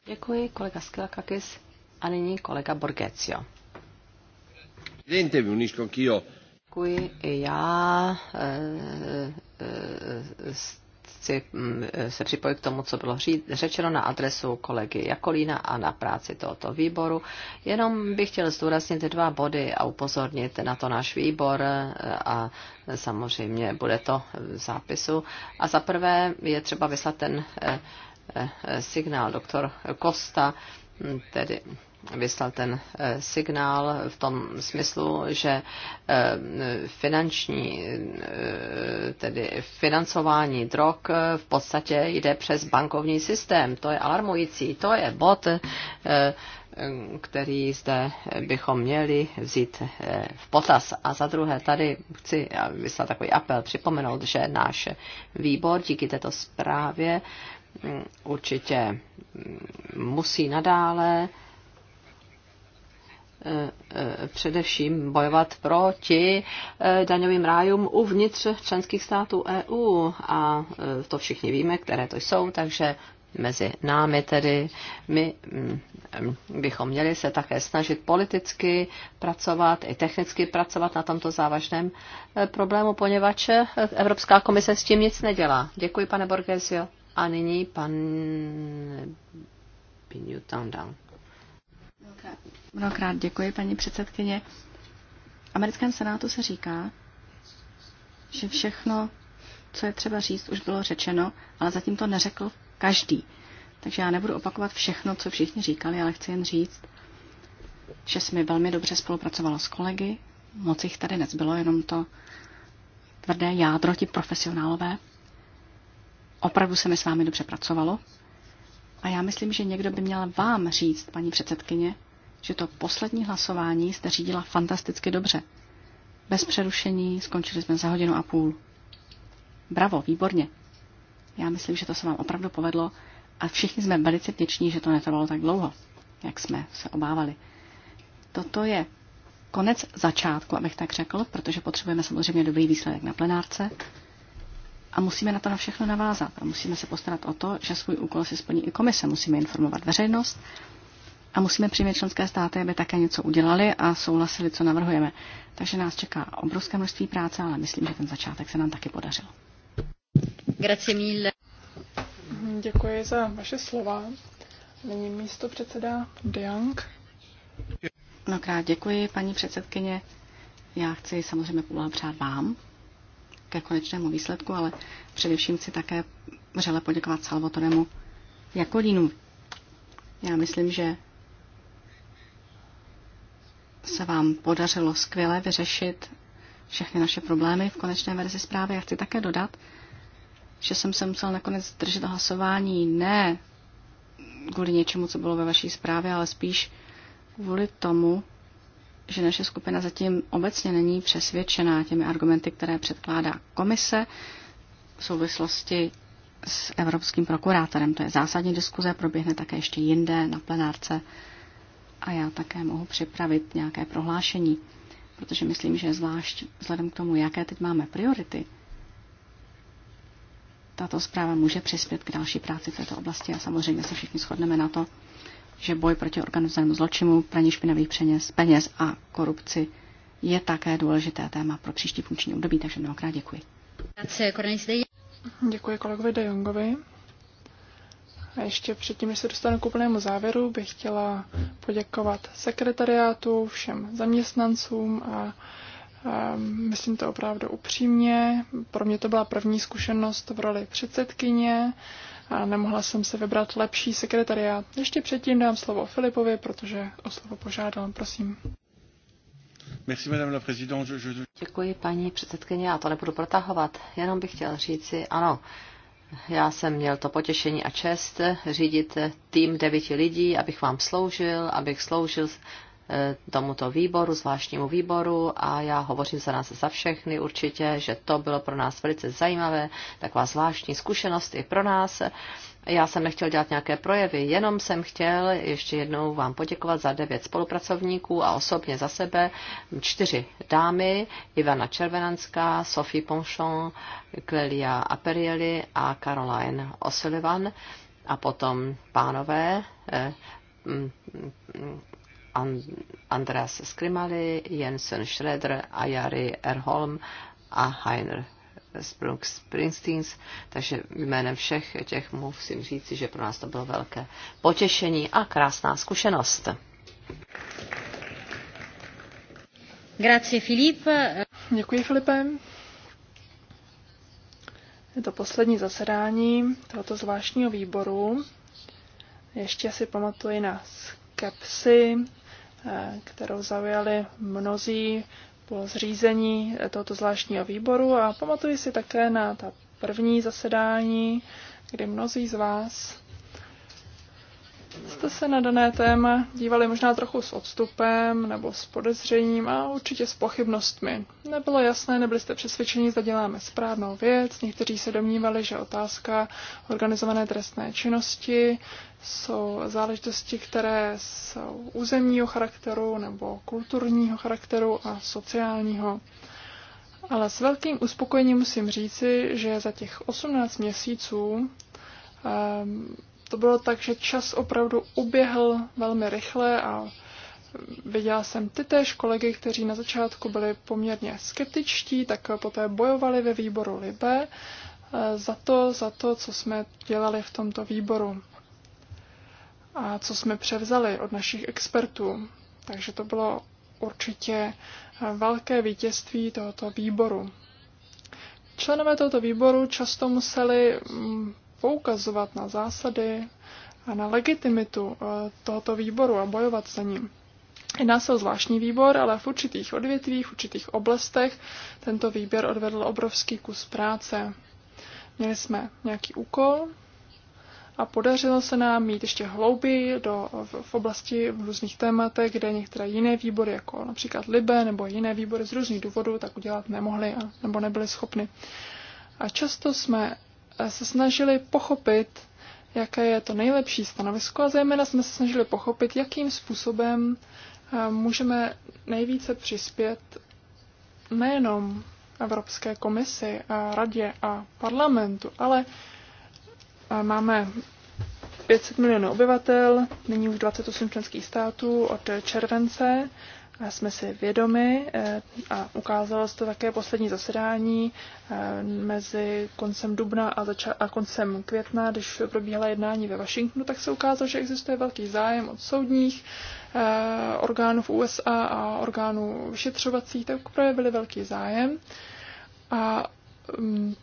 Děkuji, kolega Skilakakis. A nyní kolega Borgecio. Děkuji. Já eh, eh, chci mm, se připojit k tomu, co bylo řečeno na adresu kolegy Jakolína a na práci tohoto výboru. Jenom bych chtěl zdůraznit dva body a upozornit na to náš výbor eh, a samozřejmě bude to v zápisu. A za prvé je třeba vyslat ten signál doktor Kosta, mm, tedy vyslal ten eh, signál v tom smyslu, že eh, finanční, eh, tedy financování drog v podstatě jde přes bankovní systém. To je alarmující, to je bod, který zde bychom měli vzít v potaz. A za druhé, tady chci vyslat takový apel, připomenout, že náš výbor díky této zprávě mm, určitě mm, musí nadále Eh, eh, především bojovat proti eh, daňovým rájům uvnitř členských států EU. A to všichni víme, které to jsou, takže mezi námi tedy my mm, mm, bychom měli se také snažit politicky pracovat i technicky pracovat na tomto závažném problému, poněvadž Evropská komise s tím nic nedělá. Děkuji, pane Borgesio. A nyní pan Binyutandan.
Mnohokrát děkuji, paní předsedkyně. V americkém senátu se říká, že všechno, co je třeba říct, už bylo řečeno, ale zatím to neřekl každý. Takže já nebudu opakovat všechno, co všichni říkali, ale chci jen říct, že se mi velmi dobře spolupracovalo s kolegy, moc jich tady nezbylo, jenom to tvrdé jádro, ti profesionálové. Opravdu se mi s vámi dobře pracovalo. A já myslím, že někdo by měl vám říct, paní předsedkyně, že to poslední hlasování jste řídila fantasticky dobře. Bez přerušení skončili jsme za hodinu a půl. Bravo, výborně. Já myslím, že to se vám opravdu povedlo a všichni jsme velice vděční, že to netrvalo tak dlouho, jak jsme se obávali. Toto je konec začátku, abych tak řekl, protože potřebujeme samozřejmě dobrý výsledek na plenárce a musíme na to na všechno navázat a musíme se postarat o to, že svůj úkol si splní i komise. Musíme informovat veřejnost a musíme přijmět členské státy, aby také něco udělali a souhlasili, co navrhujeme. Takže nás čeká obrovské množství práce, ale myslím, že ten začátek se nám taky podařil.
Grazie mille. Děkuji za vaše slova. Nyní místo předseda
Diang. Mnohokrát děkuji, paní předsedkyně. Já chci samozřejmě poblahopřát vám ke konečnému výsledku, ale především chci také vřele poděkovat Salvatoremu Jakolínu. Já myslím, že se vám podařilo skvěle vyřešit všechny naše problémy v konečné verzi zprávy. Já chci také dodat, že jsem se musel nakonec držet hlasování ne kvůli něčemu, co bylo ve vaší zprávě, ale spíš kvůli tomu, že naše skupina zatím obecně není přesvědčená těmi argumenty, které předkládá komise v souvislosti s evropským prokurátorem. To je zásadní diskuze, proběhne také ještě jinde na plenárce a já také mohu připravit nějaké prohlášení, protože myslím, že zvlášť vzhledem k tomu, jaké teď máme priority, tato zpráva může přispět k další práci v této oblasti a samozřejmě se všichni shodneme na to, že boj proti organizovanému zločinu, praní špinavých přeněz, peněz a korupci je také důležité téma pro příští funkční období, takže mnohokrát děkuji.
Děkuji kolegovi De Jongovi. A ještě předtím, než se dostanu k úplnému závěru, bych chtěla poděkovat sekretariátu, všem zaměstnancům a myslím to opravdu upřímně. Pro mě to byla první zkušenost v roli předsedkyně a nemohla jsem se vybrat lepší sekretariát. Ještě předtím dám slovo Filipovi, protože o slovo požádal, prosím.
Merci, madame la
Děkuji, paní předsedkyně, a to nebudu protahovat. Jenom bych chtěl říci, ano, já jsem měl to potěšení a čest řídit tým devíti lidí, abych vám sloužil, abych sloužil eh, tomuto výboru, zvláštnímu výboru a já hovořím za nás za všechny určitě, že to bylo pro nás velice zajímavé, taková zvláštní zkušenost i pro nás. Já jsem nechtěl dělat nějaké projevy, jenom jsem chtěl ještě jednou vám poděkovat za devět spolupracovníků a osobně za sebe čtyři dámy, Ivana Červenanská, Sophie Ponchon, Clelia Aperieli a Caroline O'Sullivan a potom pánové eh, mm, mm, Andreas Skrimali, Jensen Schroeder, Jari Erholm a Heiner Brooks Springsteens, takže jménem všech těch musím říci, že pro nás to bylo velké potěšení a krásná zkušenost.
Grazie Filip. Děkuji Filipe. Je to poslední zasedání tohoto zvláštního výboru. Ještě si pamatuji na skepsy, eh, kterou zaujali mnozí po zřízení tohoto zvláštního výboru a pamatuji si také na ta první zasedání, kdy mnozí z vás jste se na dané téma dívali možná trochu s odstupem nebo s podezřením a určitě s pochybnostmi. Nebylo jasné, nebyli jste přesvědčeni, zda děláme správnou věc. Někteří se domnívali, že otázka organizované trestné činnosti jsou záležitosti, které jsou územního charakteru nebo kulturního charakteru a sociálního. Ale s velkým uspokojením musím říci, že za těch 18 měsíců um, to bylo tak, že čas opravdu uběhl velmi rychle a viděla jsem ty též kolegy, kteří na začátku byli poměrně skeptičtí, tak poté bojovali ve výboru Libe eh, za to, za to, co jsme dělali v tomto výboru a co jsme převzali od našich expertů. Takže to bylo určitě eh, velké vítězství tohoto výboru. Členové tohoto výboru často museli mm, poukazovat na zásady a na legitimitu eh, tohoto výboru a bojovat za ním. Jedná se o zvláštní výbor, ale v určitých odvětvích, v určitých oblastech tento výběr odvedl obrovský kus práce. Měli jsme nějaký úkol a podařilo se nám jít ještě hlouběji do, v, v oblasti v různých tématech, kde některé jiné výbory, jako například Libe nebo jiné výbory z různých důvodů, tak udělat nemohli a, nebo nebyli schopni. A často jsme se snažili pochopit, jaké je to nejlepší stanovisko a zejména jsme se snažili pochopit, jakým způsobem eh, můžeme nejvíce přispět nejenom Evropské komisi, a radě a parlamentu, ale eh, máme 500 milionů obyvatel, nyní už 28 členských států od července jsme si vědomi eh, a ukázalo se to také poslední zasedání eh, mezi koncem dubna a, zača- a koncem května, když probíhala jednání ve Washingtonu, tak se ukázalo, že existuje velký zájem od soudních eh, orgánů v USA a orgánů vyšetřovacích, tak projevili velký zájem. A mm,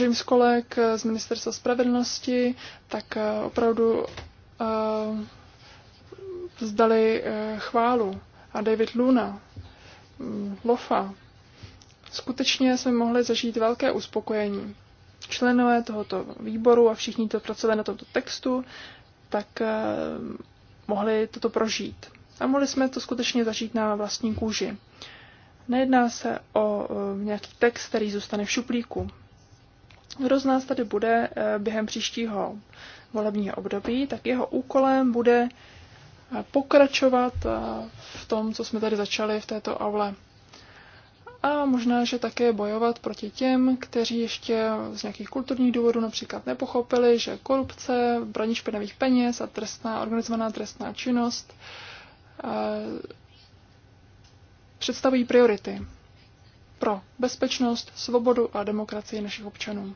James Kolek z Ministerstva spravedlnosti tak opravdu vzdali eh, chválu. A David Luna, mm, Lofa, skutečně jsme mohli zažít velké uspokojení. Členové tohoto výboru a všichni, kteří pracovali na tomto textu, tak eh, mohli toto prožít. A mohli jsme to skutečně zažít na vlastní kůži. Nejedná se o eh, nějaký text, který zůstane v šuplíku. Kdo z nás tady bude během příštího volebního období, tak jeho úkolem bude pokračovat v tom, co jsme tady začali v této aule. A možná, že také bojovat proti těm, kteří ještě z nějakých kulturních důvodů například nepochopili, že korupce, braní špinavých peněz a trestná, organizovaná trestná činnost představují priority pro bezpečnost, svobodu a demokracii našich občanů.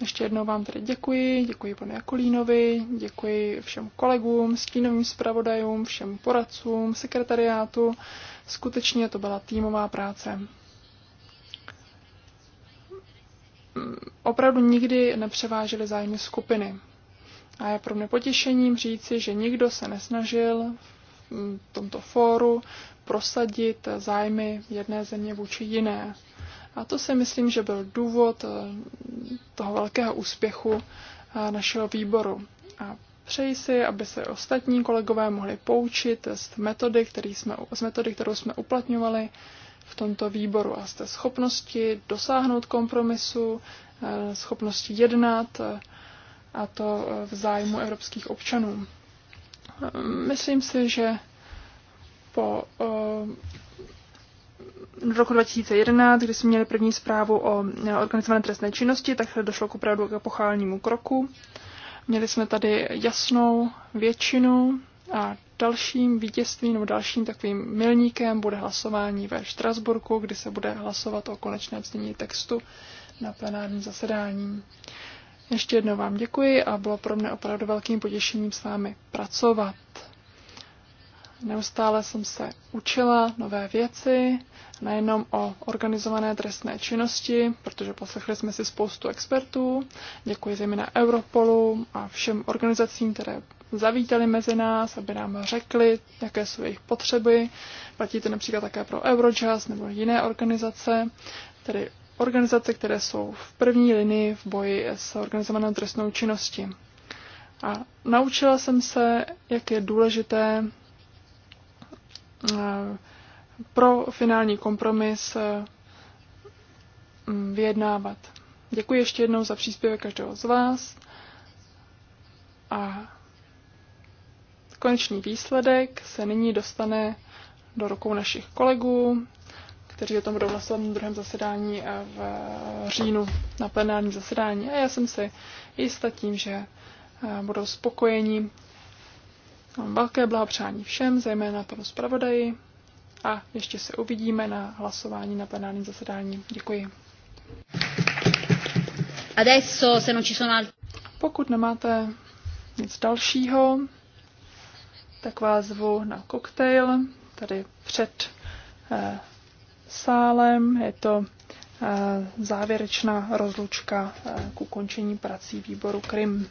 Ještě jednou vám tedy děkuji, děkuji panu Jakolínovi, děkuji všem kolegům, stínovým zpravodajům, všem poradcům, sekretariátu. Skutečně to byla týmová práce. Opravdu nikdy nepřevážely zájmy skupiny. A je pro mě potěšením říci, že nikdo se nesnažil v tomto fóru prosadit zájmy jedné země vůči jiné. A to si myslím, že byl důvod eh, toho velkého úspěchu eh, našeho výboru. A přeji si, aby se ostatní kolegové mohli poučit z metody, který jsme, z metody kterou jsme uplatňovali v tomto výboru a z té schopnosti dosáhnout kompromisu, eh, schopnosti jednat a to v zájmu evropských občanů. Ehm, myslím si, že po v roku 2011, kdy jsme měli první zprávu o eh, organizované trestné činnosti, tak došlo k opravdu k epochálnímu kroku. Měli jsme tady jasnou většinu a dalším vítězstvím nebo dalším takovým milníkem bude hlasování ve Štrasburku, kdy se bude hlasovat o konečném znění textu na plenárním zasedání. Ještě jednou vám děkuji a bylo pro mě opravdu velkým potěšením s vámi pracovat. Neustále jsem se učila nové věci, nejenom o organizované trestné činnosti, protože poslechli jsme si spoustu expertů. Děkuji zejména Europolu a všem organizacím, které zavítali mezi nás, aby nám řekli, jaké jsou jejich potřeby. Platí to například také pro Eurojust nebo jiné organizace, tedy organizace, které jsou v první linii v boji s organizovanou trestnou činností. A naučila jsem se, jak je důležité Eh, pro finální kompromis eh, mm, vyjednávat. Děkuji ještě jednou za příspěvek každého z vás a konečný výsledek se nyní dostane do rukou našich kolegů, kteří o tom budou hlasovat na druhém zasedání eh, v říjnu na plenárním zasedání. A já jsem si jistá tím, že budou spokojeni Mám velké blahopřání všem, zejména panu zpravodaji a ještě se uvidíme na hlasování na plenárním zasedání. Děkuji. Adesso, se non ci sono Pokud nemáte nic dalšího, tak vás zvu na koktejl tady před eh, sálem. Je to eh, závěrečná rozlučka eh, k ukončení prací výboru krim.